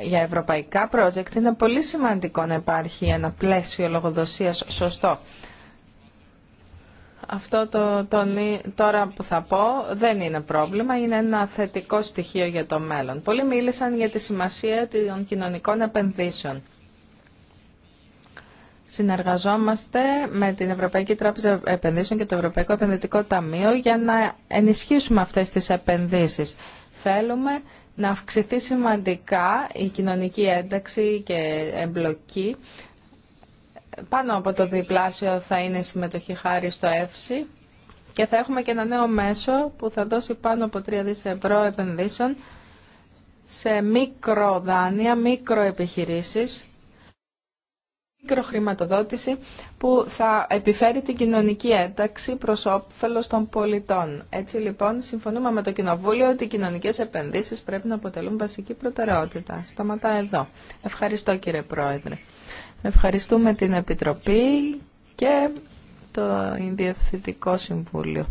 Για ευρωπαϊκά project είναι πολύ σημαντικό να υπάρχει ένα πλαίσιο λογοδοσίας σωστό. Αυτό το, το, τώρα που θα πω δεν είναι πρόβλημα, είναι ένα θετικό στοιχείο για το μέλλον. Πολλοί μίλησαν για τη σημασία των κοινωνικών επενδύσεων συνεργαζόμαστε με την Ευρωπαϊκή Τράπεζα Επενδύσεων και το Ευρωπαϊκό Επενδυτικό Ταμείο για να ενισχύσουμε αυτές τις επενδύσεις. Θέλουμε να αυξηθεί σημαντικά η κοινωνική ένταξη και εμπλοκή. Πάνω από το διπλάσιο θα είναι η συμμετοχή χάρη στο ΕΦΣΥ και θα έχουμε και ένα νέο μέσο που θα δώσει πάνω από 3 δις ευρώ επενδύσεων σε μικροδάνεια, μικροεπιχειρήσεις μικροχρηματοδότηση που θα επιφέρει την κοινωνική ένταξη προς όφελος των πολιτών. Έτσι λοιπόν συμφωνούμε με το Κοινοβούλιο ότι οι κοινωνικές επενδύσεις πρέπει να αποτελούν βασική προτεραιότητα. Σταματά εδώ. Ευχαριστώ κύριε Πρόεδρε. Ευχαριστούμε την Επιτροπή και το Διευθυντικό Συμβούλιο.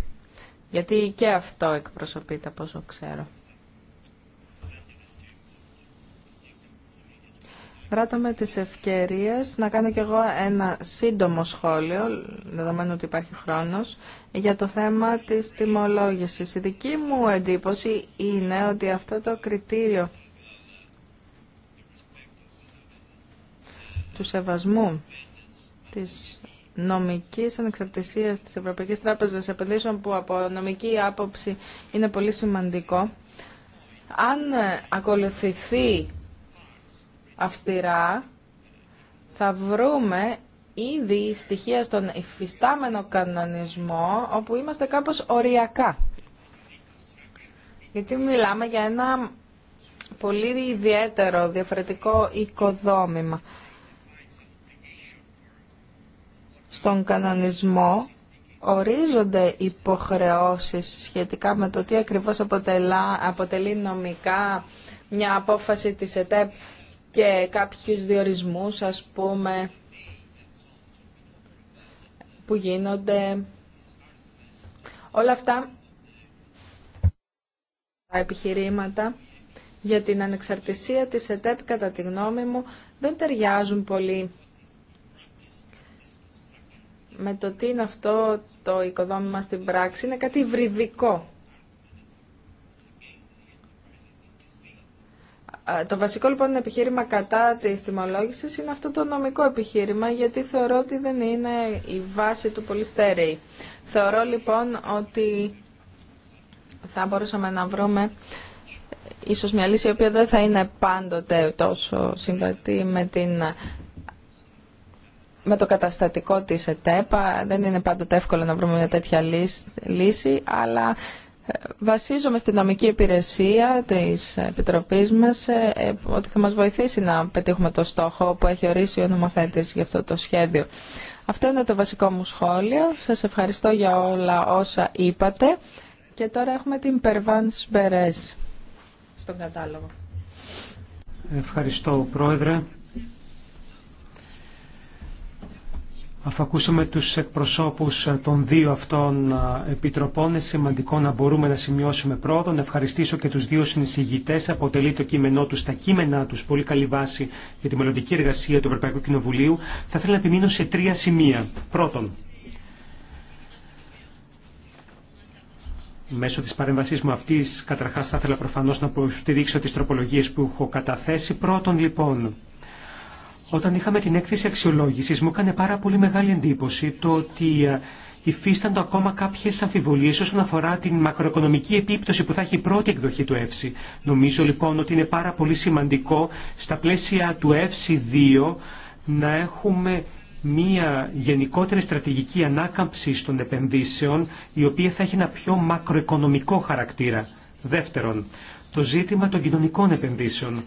Γιατί και αυτό εκπροσωπείται από όσο ξέρω. Βράτω με τις ευκαιρίες να κάνω κι εγώ ένα σύντομο σχόλιο, δεδομένου ότι υπάρχει χρόνος, για το θέμα της τιμολόγησης. Η δική μου εντύπωση είναι ότι αυτό το κριτήριο του σεβασμού της νομικής ανεξαρτησίας της Ευρωπαϊκής Τράπεζας Επενδύσεων που από νομική άποψη είναι πολύ σημαντικό αν ακολουθηθεί αυστηρά, θα βρούμε ήδη στοιχεία στον υφιστάμενο κανονισμό, όπου είμαστε κάπως οριακά. Γιατί μιλάμε για ένα πολύ ιδιαίτερο, διαφορετικό οικοδόμημα. Στον κανονισμό ορίζονται υποχρεώσεις σχετικά με το τι ακριβώς αποτελά, αποτελεί νομικά μια απόφαση της ΕΤΕΠ και κάποιους διορισμούς, ας πούμε, που γίνονται. Όλα αυτά τα επιχειρήματα για την ανεξαρτησία της ΕΤΕΠ, κατά τη γνώμη μου, δεν ταιριάζουν πολύ με το τι είναι αυτό το οικοδόμημα στην πράξη. Είναι κάτι βρυδικό. Το βασικό λοιπόν επιχείρημα κατά της τιμολόγησης είναι αυτό το νομικό επιχείρημα γιατί θεωρώ ότι δεν είναι η βάση του πολύ Θεωρώ λοιπόν ότι θα μπορούσαμε να βρούμε ίσως μια λύση η οποία δεν θα είναι πάντοτε τόσο συμβατή με, την, το καταστατικό της ΕΤΕΠΑ. Δεν είναι πάντοτε εύκολο να βρούμε μια τέτοια λύση, αλλά Βασίζομαι στην νομική υπηρεσία της Επιτροπής μας ε, ε, ότι θα μας βοηθήσει να πετύχουμε το στόχο που έχει ορίσει ο νομοθέτης για αυτό το σχέδιο. Αυτό είναι το βασικό μου σχόλιο. Σας ευχαριστώ για όλα όσα είπατε. Και τώρα έχουμε την Περβάνς Μπερές στον κατάλογο. Ευχαριστώ, Πρόεδρε. Αφού ακούσαμε τους εκπροσώπους ε, των δύο αυτών ε, επιτροπών, είναι σημαντικό να μπορούμε να σημειώσουμε πρώτον. Ευχαριστήσω και τους δύο συνεισηγητές. Αποτελεί το κείμενό τους, τα κείμενά τους, πολύ καλή βάση για τη μελλοντική εργασία του Ευρωπαϊκού Κοινοβουλίου. Θα ήθελα να επιμείνω σε τρία σημεία. Πρώτον, Μέσω της παρέμβασής μου αυτής, καταρχάς θα ήθελα προφανώς να υποστηρίξω τις τροπολογίες που έχω καταθέσει. Πρώτον, λοιπόν, όταν είχαμε την έκθεση αξιολόγησης μου έκανε πάρα πολύ μεγάλη εντύπωση το ότι ε, υφίστανται ακόμα κάποιες αμφιβολίες όσον αφορά την μακροοικονομική επίπτωση που θα έχει η πρώτη εκδοχή του ΕΦΣΥ. Νομίζω λοιπόν ότι είναι πάρα πολύ σημαντικό στα πλαίσια του ΕΦΣΥ 2 να έχουμε μία γενικότερη στρατηγική ανάκαμψη των επενδύσεων η οποία θα έχει ένα πιο μακροοικονομικό χαρακτήρα. Δεύτερον, το ζήτημα των κοινωνικών επενδύσεων.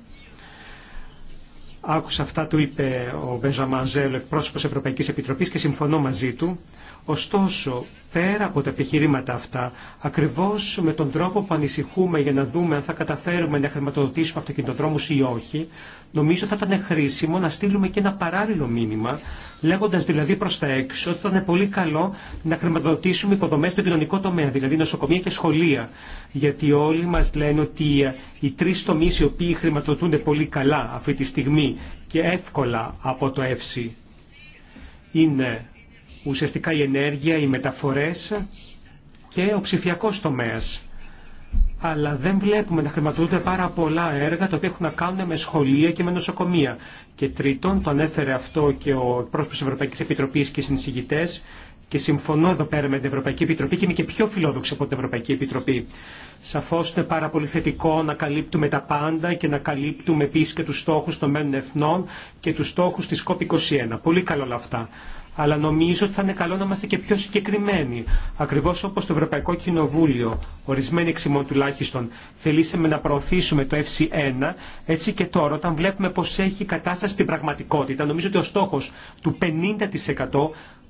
Άκουσα αυτά του είπε ο Μπέζα ο εκπρόσωπος Ευρωπαϊκής Επιτροπής και συμφωνώ μαζί του. Ωστόσο, πέρα από τα επιχειρήματα αυτά, ακριβώς με τον τρόπο που ανησυχούμε για να δούμε αν θα καταφέρουμε να χρηματοδοτήσουμε αυτοκινητοδρόμους ή όχι, νομίζω θα ήταν χρήσιμο να στείλουμε και ένα παράλληλο μήνυμα, λέγοντας δηλαδή προς τα έξω ότι θα ήταν πολύ καλό να χρηματοδοτήσουμε υποδομές στον κοινωνικό τομέα, δηλαδή νοσοκομεία και σχολεία. Γιατί όλοι μας λένε ότι οι τρεις τομείς οι οποίοι χρηματοδοτούνται πολύ καλά αυτή τη στιγμή και εύκολα από το ΕΦΣΥ είναι ουσιαστικά η ενέργεια, οι μεταφορές και ο ψηφιακός τομέας. Αλλά δεν βλέπουμε να χρηματοδοτούνται πάρα πολλά έργα τα οποία έχουν να κάνουν με σχολεία και με νοσοκομεία. Και τρίτον, το ανέφερε αυτό και ο πρόσωπος της Ευρωπαϊκής Επιτροπής και οι συνεισηγητές, και συμφωνώ εδώ πέρα με την Ευρωπαϊκή Επιτροπή και είμαι και πιο φιλόδοξη από την Ευρωπαϊκή Επιτροπή. Σαφώ είναι πάρα πολύ θετικό να καλύπτουμε τα πάντα και να καλύπτουμε επίση και του στόχου των μένων εθνών και του στόχου τη COP21. Πολύ καλό όλα αυτά αλλά νομίζω ότι θα είναι καλό να είμαστε και πιο συγκεκριμένοι. Ακριβώ όπω το Ευρωπαϊκό Κοινοβούλιο, ορισμένοι εξημών τουλάχιστον, θελήσαμε να προωθήσουμε το FC1, έτσι και τώρα όταν βλέπουμε πώ έχει κατάσταση στην πραγματικότητα, νομίζω ότι ο στόχο του 50%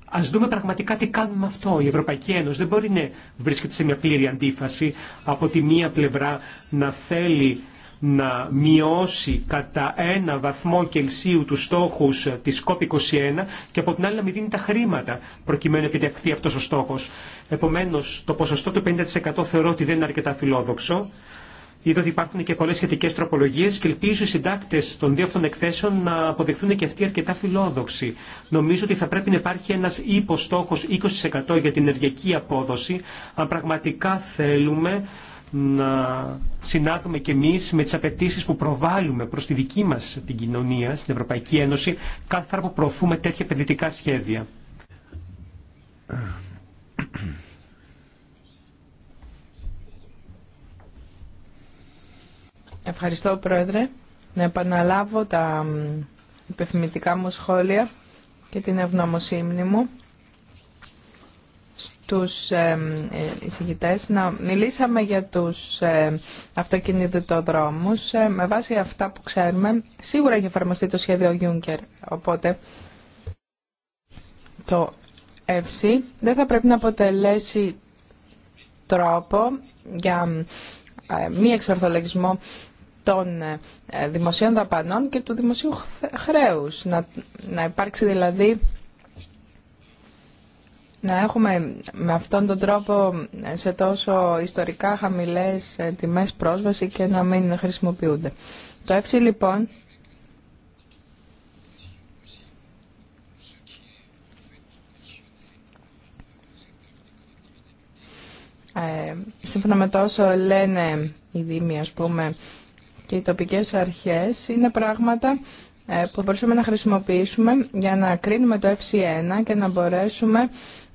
Α δούμε πραγματικά τι κάνουμε αυτό. Η Ευρωπαϊκή Ένωση δεν μπορεί να βρίσκεται σε μια πλήρη αντίφαση. Από τη μία πλευρά να θέλει να μειώσει κατά ένα βαθμό Κελσίου τους στόχους της COP21 και από την άλλη να μην δίνει τα χρήματα προκειμένου να επιτευχθεί αυτός ο στόχος. Επομένως, το ποσοστό του 50% θεωρώ ότι δεν είναι αρκετά φιλόδοξο. Είδα ότι υπάρχουν και πολλές σχετικές τροπολογίε και ελπίζω οι συντάκτε των δύο αυτών εκθέσεων να αποδεχθούν και αυτοί αρκετά φιλόδοξοι. Νομίζω ότι θα πρέπει να υπάρχει ένα υποστόχος 20% για την ενεργειακή απόδοση, αν πραγματικά θέλουμε να συνάδουμε κι εμεί με τι απαιτήσει που προβάλλουμε προς τη δική μας την κοινωνία στην Ευρωπαϊκή Ένωση κάθε φορά που προωθούμε τέτοια επενδυτικά σχέδια. Ευχαριστώ Πρόεδρε. Να επαναλάβω τα υπευθυμητικά μου σχόλια και την ευγνωμοσύνη μου τους ε, εισηγητές να μιλήσαμε για τους αυτοκινητοδρόμους. Με βάση αυτά που ξέρουμε, σίγουρα έχει εφαρμοστεί το σχέδιο Juncker. Οπότε το ΕΦΣΥ δεν θα πρέπει να αποτελέσει τρόπο για ε, μη εξορθολογισμό των ε, δημοσίων δαπανών και του δημοσίου χρέους. Να, να υπάρξει δηλαδή να έχουμε με αυτόν τον τρόπο ε, σε τόσο ιστορικά χαμηλές ε, τιμές πρόσβαση και να μην χρησιμοποιούνται. Το ΕΦΣΙ λοιπόν ε, σύμφωνα με τόσο λένε οι Δήμοι ας πούμε και οι τοπικές αρχές είναι πράγματα που μπορούσαμε να χρησιμοποιήσουμε για να κρίνουμε το FC1 και να μπορέσουμε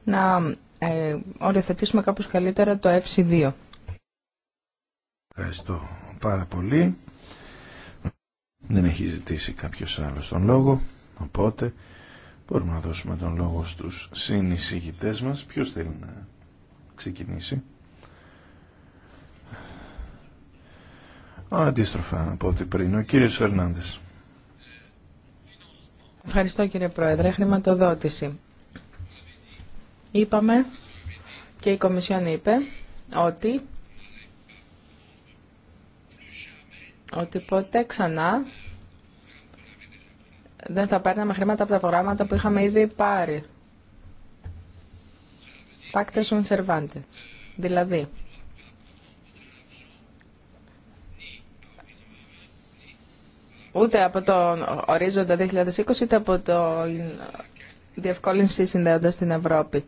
να ε, οριοθετήσουμε κάπως καλύτερα το FC2. Ευχαριστώ πάρα πολύ. Δεν έχει ζητήσει κάποιος άλλος τον λόγο, οπότε μπορούμε να δώσουμε τον λόγο στους συνεισηγητές μας. Ποιος θέλει να ξεκινήσει. Αντίστροφα από ό,τι πριν, ο κύριος Φερνάντες. Ευχαριστώ κύριε Πρόεδρε. Χρηματοδότηση είπαμε και η Κομισιόν είπε ότι ότι ποτέ ξανά δεν θα παίρναμε χρήματα από τα προγράμματα που είχαμε ήδη πάρει. Πάκτε sunt σερβάντε. Δηλαδή, ούτε από τον ορίζοντα 2020, ούτε από το διευκόλυνση συνδέοντας την Ευρώπη.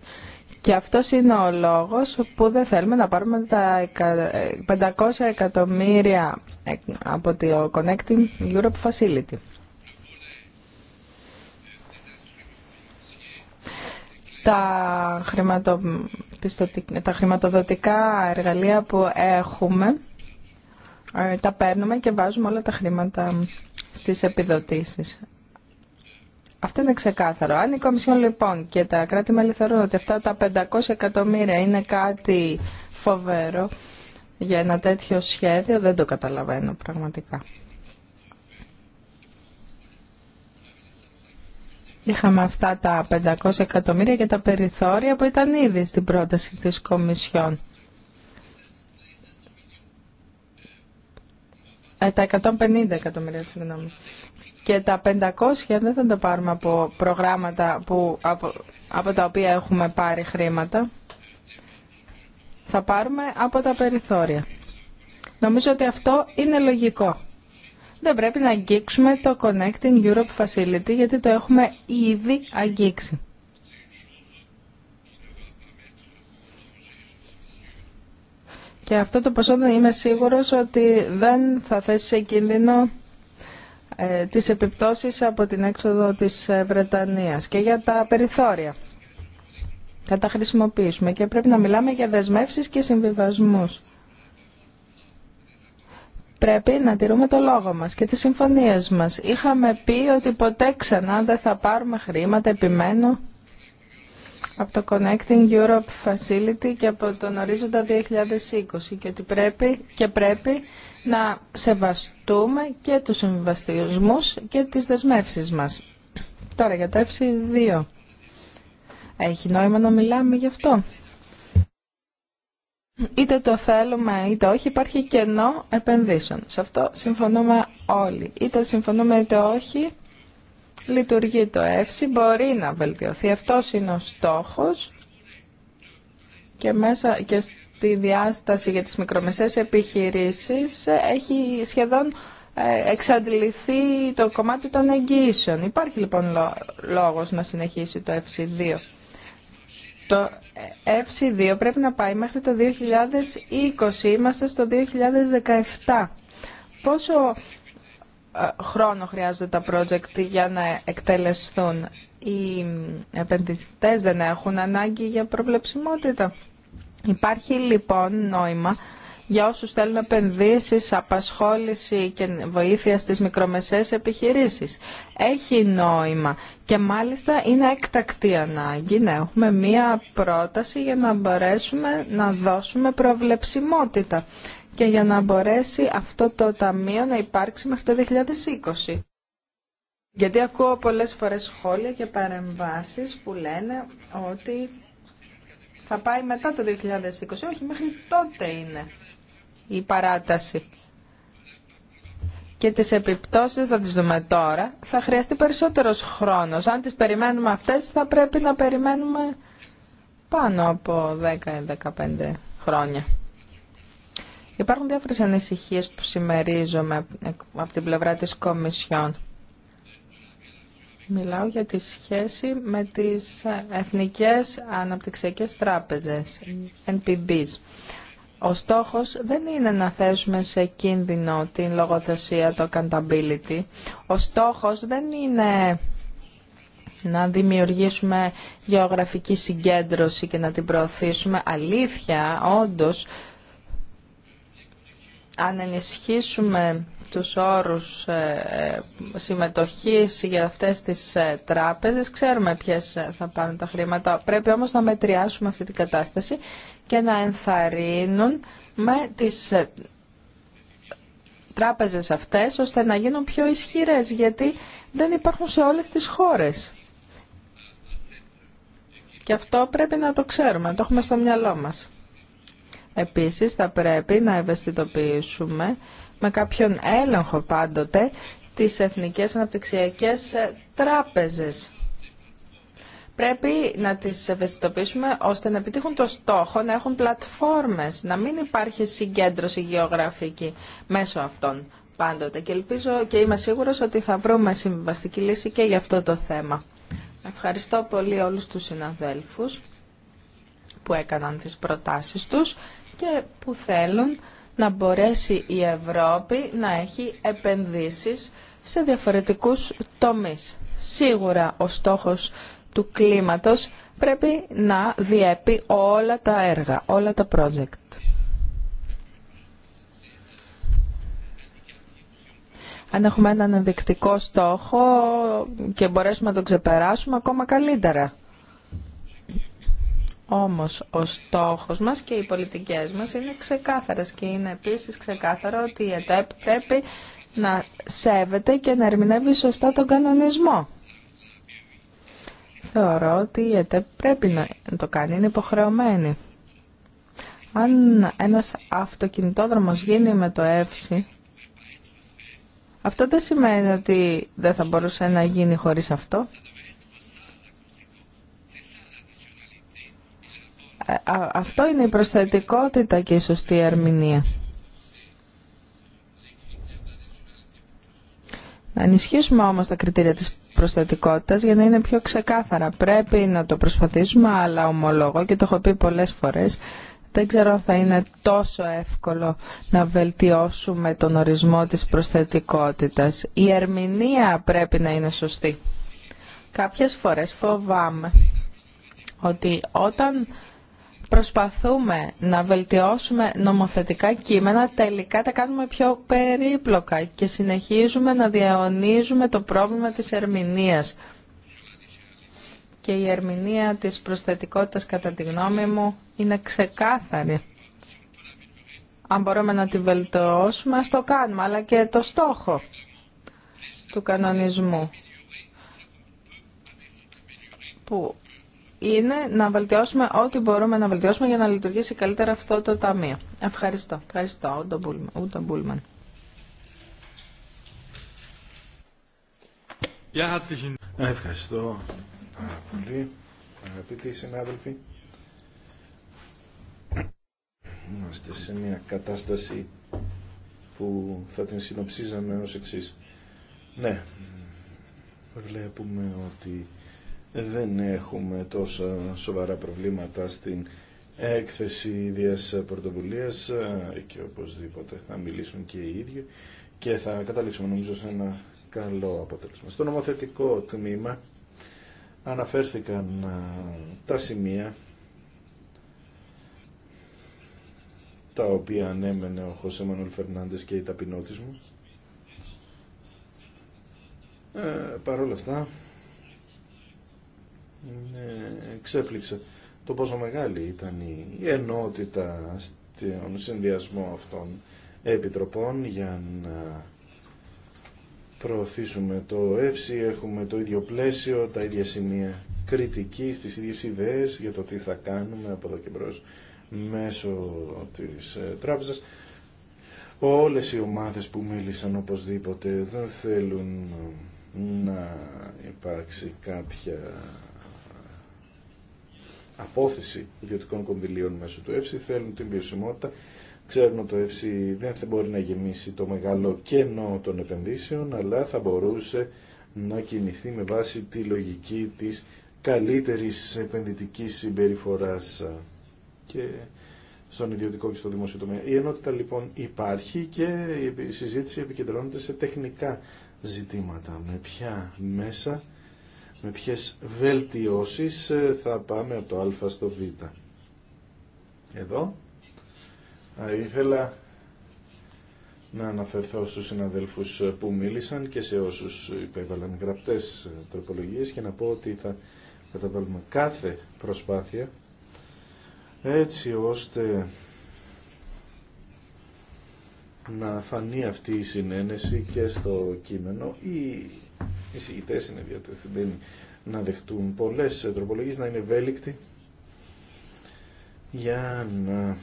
Και αυτό είναι ο λόγος που δεν θέλουμε να πάρουμε τα 500 εκατομμύρια από το Connecting Europe Facility. Τα, τα χρηματοδοτικά εργαλεία που έχουμε ε, τα παίρνουμε και βάζουμε όλα τα χρήματα στις επιδοτήσεις. Αυτό είναι ξεκάθαρο. Αν η Κομισιόν λοιπόν και τα κράτη-μέλη θεωρούν ότι αυτά τα 500 εκατομμύρια είναι κάτι φοβέρο για ένα τέτοιο σχέδιο, δεν το καταλαβαίνω πραγματικά. Είχαμε αυτά τα 500 εκατομμύρια και τα περιθώρια που ήταν ήδη στην πρόταση της Κομισιόν. Ε, τα 150 εκατομμύρια, συγγνώμη και τα 500 δεν θα τα πάρουμε από προγράμματα που, από, από τα οποία έχουμε πάρει χρήματα. Θα πάρουμε από τα περιθώρια. Νομίζω ότι αυτό είναι λογικό. Δεν πρέπει να αγγίξουμε το Connecting Europe Facility γιατί το έχουμε ήδη αγγίξει. Και αυτό το ποσό δεν είμαι σίγουρος ότι δεν θα θέσει σε κίνδυνο ε, τις επιπτώσεις από την έξοδο της ε, Βρετανίας και για τα περιθώρια. Θα τα χρησιμοποιήσουμε και πρέπει να μιλάμε για δεσμεύσεις και συμβιβασμούς. Πρέπει να τηρούμε το λόγο μας και τις συμφωνίες μας. Είχαμε πει ότι ποτέ ξανά δεν θα πάρουμε χρήματα, επιμένω από το Connecting Europe Facility και από τον ορίζοντα 2020 και ότι πρέπει και πρέπει να σεβαστούμε και τους συμβιβαστισμούς και τις δεσμεύσεις μας. Τώρα για το FC2. Έχει νόημα να μιλάμε γι' αυτό. Είτε το θέλουμε είτε όχι υπάρχει κενό επενδύσεων. Σε αυτό συμφωνούμε όλοι. Είτε συμφωνούμε είτε όχι λειτουργεί το ΕΦΣΙ, μπορεί να βελτιωθεί. Αυτός είναι ο στόχος και, μέσα, και στη διάσταση για τις μικρομεσαίες επιχειρήσεις έχει σχεδόν ε, εξαντληθεί το κομμάτι των εγγύσεων. Υπάρχει λοιπόν λόγος να συνεχίσει το FC2. Το FC2 πρέπει να πάει μέχρι το 2020, είμαστε στο 2017. Πόσο ε, χρόνο χρειάζονται τα project για να εκτελεστούν. Οι επενδυτές δεν έχουν ανάγκη για προβλεψιμότητα. Υπάρχει λοιπόν νόημα για όσους θέλουν επενδύσεις, απασχόληση και βοήθεια στις μικρομεσαίες επιχειρήσεις. Έχει νόημα και μάλιστα είναι εκτακτή ανάγκη να έχουμε μία πρόταση για να μπορέσουμε να δώσουμε προβλεψιμότητα και για να μπορέσει αυτό το ταμείο να υπάρξει μέχρι το 2020. Γιατί ακούω πολλές φορές σχόλια και παρεμβάσεις που λένε ότι θα πάει μετά το 2020. Όχι, μέχρι τότε είναι η παράταση. Και τις επιπτώσεις θα τις δούμε τώρα. Θα χρειαστεί περισσότερος χρόνος. Αν τις περιμένουμε αυτές θα πρέπει να περιμένουμε πάνω από 10-15 χρόνια. Υπάρχουν διάφορες ανησυχίες που συμμερίζομαι από την πλευρά της Κομισιόν. Μιλάω για τη σχέση με τις Εθνικές Αναπτυξιακές Τράπεζες, NPBs. Ο στόχος δεν είναι να θέσουμε σε κίνδυνο την λογοθεσία, το accountability. Ο στόχος δεν είναι να δημιουργήσουμε γεωγραφική συγκέντρωση και να την προωθήσουμε. Αλήθεια, όντως, αν ενισχύσουμε τους όρους ε, ε, συμμετοχής για αυτές τις ε, τράπεζες, ξέρουμε ποιες θα πάρουν τα χρήματα. Πρέπει όμως να μετριάσουμε αυτή την κατάσταση και να ενθαρρύνουν με τις τράπεζες αυτές ώστε να γίνουν πιο ισχυρές γιατί δεν υπάρχουν σε όλες τις χώρες. Και αυτό πρέπει να το ξέρουμε, να το έχουμε στο μυαλό μας. Επίσης θα πρέπει να ευαισθητοποιήσουμε με κάποιον έλεγχο πάντοτε τις εθνικές αναπτυξιακές τράπεζες. Πρέπει να τις ευαισθητοποιήσουμε ώστε να επιτύχουν το στόχο να έχουν πλατφόρμες, να μην υπάρχει συγκέντρωση γεωγραφική μέσω αυτών πάντοτε. Και ελπίζω και είμαι σίγουρος ότι θα βρούμε συμβαστική λύση και για αυτό το θέμα. Ευχαριστώ πολύ όλους τους συναδέλφους που έκαναν τις προτάσεις τους και που θέλουν να μπορέσει η Ευρώπη να έχει επενδύσεις σε διαφορετικούς τομείς. Σίγουρα ο στόχος του κλίματος πρέπει να διέπει όλα τα έργα, όλα τα project. Αν έχουμε έναν ενδεικτικό στόχο και μπορέσουμε να τον ξεπεράσουμε ακόμα καλύτερα. Όμως ο στόχος μας και οι πολιτικές μας είναι ξεκάθαρες και είναι επίσης ξεκάθαρο ότι η ΕΤΕΠ πρέπει να σέβεται και να ερμηνεύει σωστά τον κανονισμό. Θεωρώ ότι η ΕΤΕΠ πρέπει να το κάνει, είναι υποχρεωμένη. Αν ένας αυτοκινητόδρομος γίνει με το ΕΦΣΥ, αυτό δεν σημαίνει ότι δεν θα μπορούσε να γίνει χωρίς αυτό. Αυτό είναι η προσθετικότητα και η σωστή ερμηνεία. Να ενισχύσουμε όμως τα κριτήρια της προσθετικότητας για να είναι πιο ξεκάθαρα. Πρέπει να το προσπαθήσουμε, αλλά ομολόγω και το έχω πει πολλές φορές, δεν ξέρω αν θα είναι τόσο εύκολο να βελτιώσουμε τον ορισμό της προσθετικότητας. Η ερμηνεία πρέπει να είναι σωστή. Κάποιες φορές φοβάμαι ότι όταν προσπαθούμε να βελτιώσουμε νομοθετικά κείμενα, τελικά τα κάνουμε πιο περίπλοκα και συνεχίζουμε να διαονίζουμε το πρόβλημα της ερμηνείας. Και η ερμηνεία της προσθετικότητας, κατά τη γνώμη μου, είναι ξεκάθαρη. Αν μπορούμε να τη βελτιώσουμε, ας το κάνουμε, αλλά και το στόχο του κανονισμού που είναι να βελτιώσουμε ό,τι μπορούμε να βελτιώσουμε για να λειτουργήσει καλύτερα αυτό το ταμείο. Ευχαριστώ. Ευχαριστώ, Ούτο Μπούλμαν. Ευχαριστώ πολύ, αγαπητοί συνάδελφοι. Είμαστε σε μια κατάσταση που θα την συνοψίζαμε ως εξής. Ναι, βλέπουμε ότι δεν έχουμε τόσα σοβαρά προβλήματα στην έκθεση ίδιας πρωτοβουλία και οπωσδήποτε θα μιλήσουν και οι ίδιοι και θα καταλήξουμε νομίζω σε ένα καλό αποτέλεσμα. Στο νομοθετικό τμήμα αναφέρθηκαν ε, τα σημεία τα οποία ανέμενε ο Χωσέ Μανούλ Φερνάντες και η ταπεινότης μου. Ε, Παρ' όλα αυτά, ναι, ξέπληξε το πόσο μεγάλη ήταν η ενότητα στον συνδυασμό αυτών επιτροπών για να προωθήσουμε το ΕΦΣΥ, έχουμε το ίδιο πλαίσιο, τα ίδια σημεία κριτική στις ίδιες ιδέες για το τι θα κάνουμε από εδώ και μπρος μέσω της ε, τράπεζας. Όλες οι ομάδες που μίλησαν οπωσδήποτε δεν θέλουν να υπάρξει κάποια απόθεση ιδιωτικών κονδυλίων μέσω του ΕΦΣΙ, θέλουν την βιωσιμότητα. Ξέρουν ότι το ΕΦΣΙ δεν θα μπορεί να γεμίσει το μεγάλο κενό των επενδύσεων, αλλά θα μπορούσε να κινηθεί με βάση τη λογική της καλύτερης επενδυτικής συμπεριφοράς και στον ιδιωτικό και στο δημόσιο τομέα. Η ενότητα λοιπόν υπάρχει και η συζήτηση επικεντρώνεται σε τεχνικά ζητήματα. Με ποια μέσα με ποιες βελτιώσεις ε, θα πάμε από το α στο β. Εδώ ήθελα να αναφερθώ στους συναδέλφους ε, που μίλησαν και σε όσους υπέβαλαν γραπτές ε, τροπολογίες και να πω ότι θα καταβάλουμε κάθε προσπάθεια έτσι ώστε να φανεί αυτή η συνένεση και στο κείμενο ή οι συγητές είναι διατεθειμένοι να δεχτούν πολλέ τροπολογίε, να είναι ευέλικτοι για να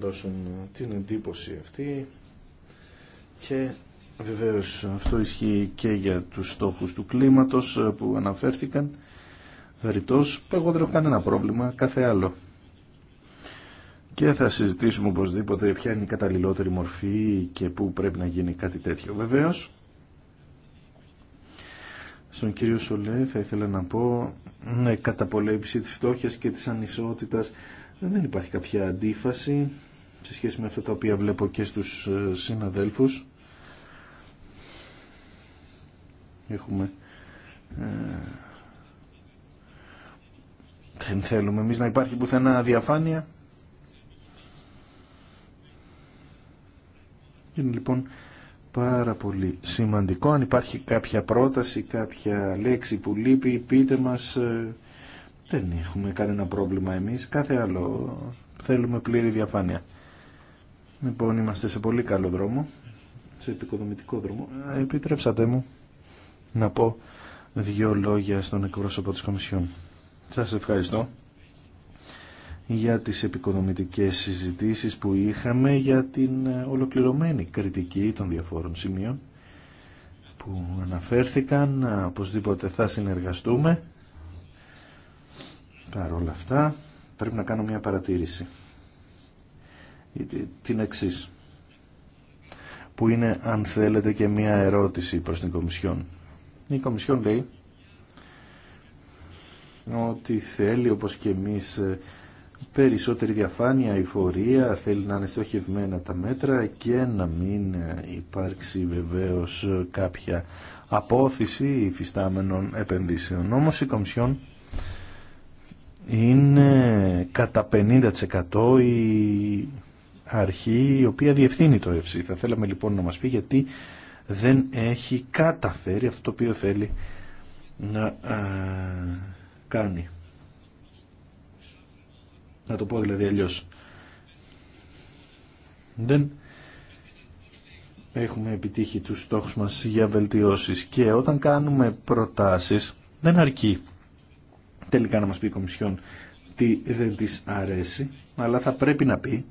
δώσουν την εντύπωση αυτή και βεβαίως αυτό ισχύει και για τους στόχους του κλίματος που αναφέρθηκαν ρητός, εγώ δεν έχω κανένα πρόβλημα, κάθε άλλο. Και θα συζητήσουμε οπωσδήποτε ποια είναι η καταλληλότερη μορφή και πού πρέπει να γίνει κάτι τέτοιο. Βεβαίως, στον κύριο Σολέ θα ήθελα να πω ναι, καταπολέμηση της φτώχειας και της ανισότητας δεν υπάρχει κάποια αντίφαση σε σχέση με αυτά τα οποία βλέπω και στους ε, συναδέλφους. Έχουμε... Ε, δεν θέλουμε εμείς να υπάρχει πουθενά διαφάνεια. Είναι λοιπόν πάρα πολύ σημαντικό. Αν υπάρχει κάποια πρόταση, κάποια λέξη που λείπει, πείτε μας. Ε, δεν έχουμε κανένα πρόβλημα εμείς. Κάθε άλλο θέλουμε πλήρη διαφάνεια. Λοιπόν, είμαστε σε πολύ καλό δρόμο, σε επικοδομητικό δρόμο. Ε, επιτρέψατε μου να πω δύο λόγια στον εκπρόσωπο της Κομισιόν. Σας ευχαριστώ για τις επικοδομητικές συζητήσεις που είχαμε για την ε, ολοκληρωμένη κριτική των διαφόρων σημείων που αναφέρθηκαν. Ε, οπωσδήποτε θα συνεργαστούμε. Παρ' όλα αυτά πρέπει να κάνω μια παρατήρηση. Την εξή που είναι αν θέλετε και μια ερώτηση προς την Κομισιόν. Η Κομισιόν λέει ότι θέλει όπως και εμείς ε, περισσότερη διαφάνεια, η φορεία, θέλει να είναι στοχευμένα τα μέτρα και να μην υπάρξει βεβαίως κάποια απόθυση υφιστάμενων επενδύσεων. Όμως η Κομισιόν είναι κατά 50% η αρχή η οποία διευθύνει το ΕΦΣΥ. Θα θέλαμε λοιπόν να μας πει γιατί δεν έχει καταφέρει αυτό το οποίο θέλει να κάνει. Να το πω δηλαδή αλλιώ. Δεν έχουμε επιτύχει τους στόχους μας για βελτιώσεις και όταν κάνουμε προτάσεις δεν αρκεί τελικά να μας πει η Κομισιόν τι δεν της αρέσει αλλά θα πρέπει να πει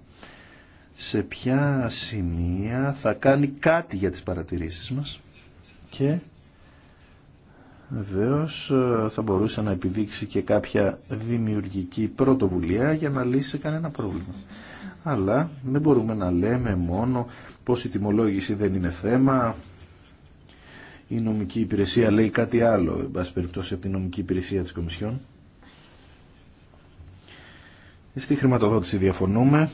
σε ποια σημεία θα κάνει κάτι για τις παρατηρήσεις μας και Βεβαίω ε, θα μπορούσε να επιδείξει και κάποια δημιουργική πρωτοβουλία για να λύσει κανένα πρόβλημα. Αλλά δεν μπορούμε να λέμε μόνο πως η τιμολόγηση δεν είναι θέμα, η νομική υπηρεσία λέει κάτι άλλο, εν πάση περιπτώσει από την νομική υπηρεσία της Κομισιόν. Στη χρηματοδότηση διαφωνούμε.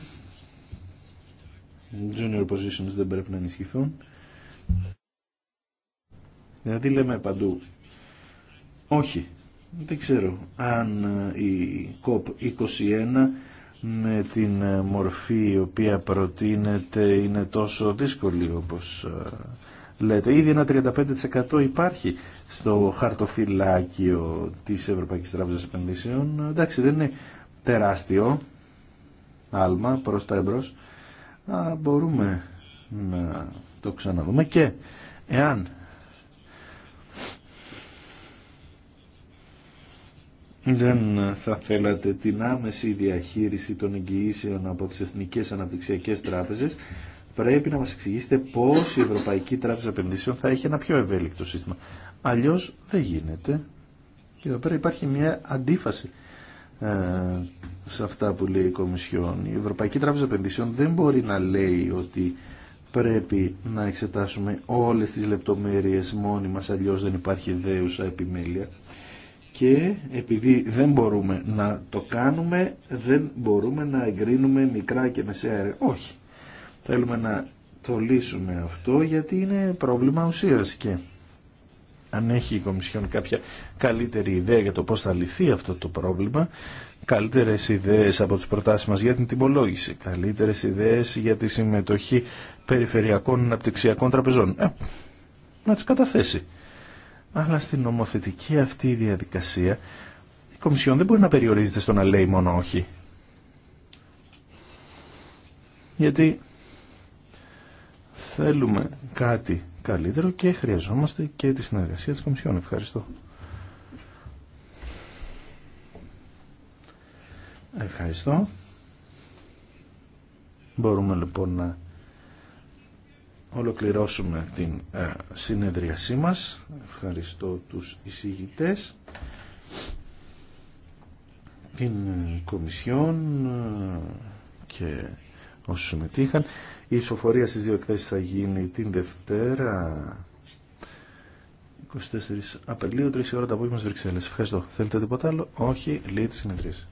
Junior positions δεν πρέπει να ενισχυθούν. Δηλαδή λέμε παντού όχι. Δεν ξέρω αν ε, η COP21 με την ε, μορφή η οποία προτείνεται είναι τόσο δύσκολη όπως ε, λέτε. Ήδη ένα 35% υπάρχει στο χαρτοφυλάκιο της Ευρωπαϊκής Τράπεζας Επενδύσεων. Εντάξει, δεν είναι τεράστιο άλμα προς τα εμπρός. Α, μπορούμε να το ξαναδούμε και εάν δεν θα θέλατε την άμεση διαχείριση των εγγυήσεων από τις Εθνικές Αναπτυξιακές Τράπεζες, πρέπει να μας εξηγήσετε πώς η Ευρωπαϊκή Τράπεζα Επενδύσεων θα έχει ένα πιο ευέλικτο σύστημα. Αλλιώς δεν γίνεται. Και εδώ πέρα υπάρχει μια αντίφαση ε, σε αυτά που λέει η Κομισιόν. Η Ευρωπαϊκή Τράπεζα Επενδύσεων δεν μπορεί να λέει ότι πρέπει να εξετάσουμε όλες τις λεπτομέρειες μόνοι μας, αλλιώς δεν υπάρχει δέουσα επιμέλεια και επειδή δεν μπορούμε να το κάνουμε, δεν μπορούμε να εγκρίνουμε μικρά και μεσαία έργα. Όχι. Θέλουμε να το λύσουμε αυτό γιατί είναι πρόβλημα ουσίας και αν έχει η Κομισιόν κάποια καλύτερη ιδέα για το πώς θα λυθεί αυτό το πρόβλημα, καλύτερες ιδέες από τις προτάσεις μας για την τιμολόγηση, καλύτερες ιδέες για τη συμμετοχή περιφερειακών αναπτυξιακών τραπεζών. Ε, να τις καταθέσει αλλά στην νομοθετική αυτή διαδικασία η Κομισιόν δεν μπορεί να περιορίζεται στο να λέει μόνο όχι. Γιατί θέλουμε κάτι καλύτερο και χρειαζόμαστε και τη συνεργασία της Κομισιόν. Ευχαριστώ. Ευχαριστώ. Μπορούμε λοιπόν να ολοκληρώσουμε την ε, συνεδρίασή μας. Ευχαριστώ τους εισηγητές, την ε, Κομισιόν ε, και όσους συμμετείχαν. Η ψηφοφορία στις δύο εκθέσεις θα γίνει την Δευτέρα 24 Απελίου, 3 ώρα τα απόγευμα στις Βρυξέλλες. Ευχαριστώ. Θέλετε τίποτα άλλο? Όχι, λέει τη συνεδρίαση.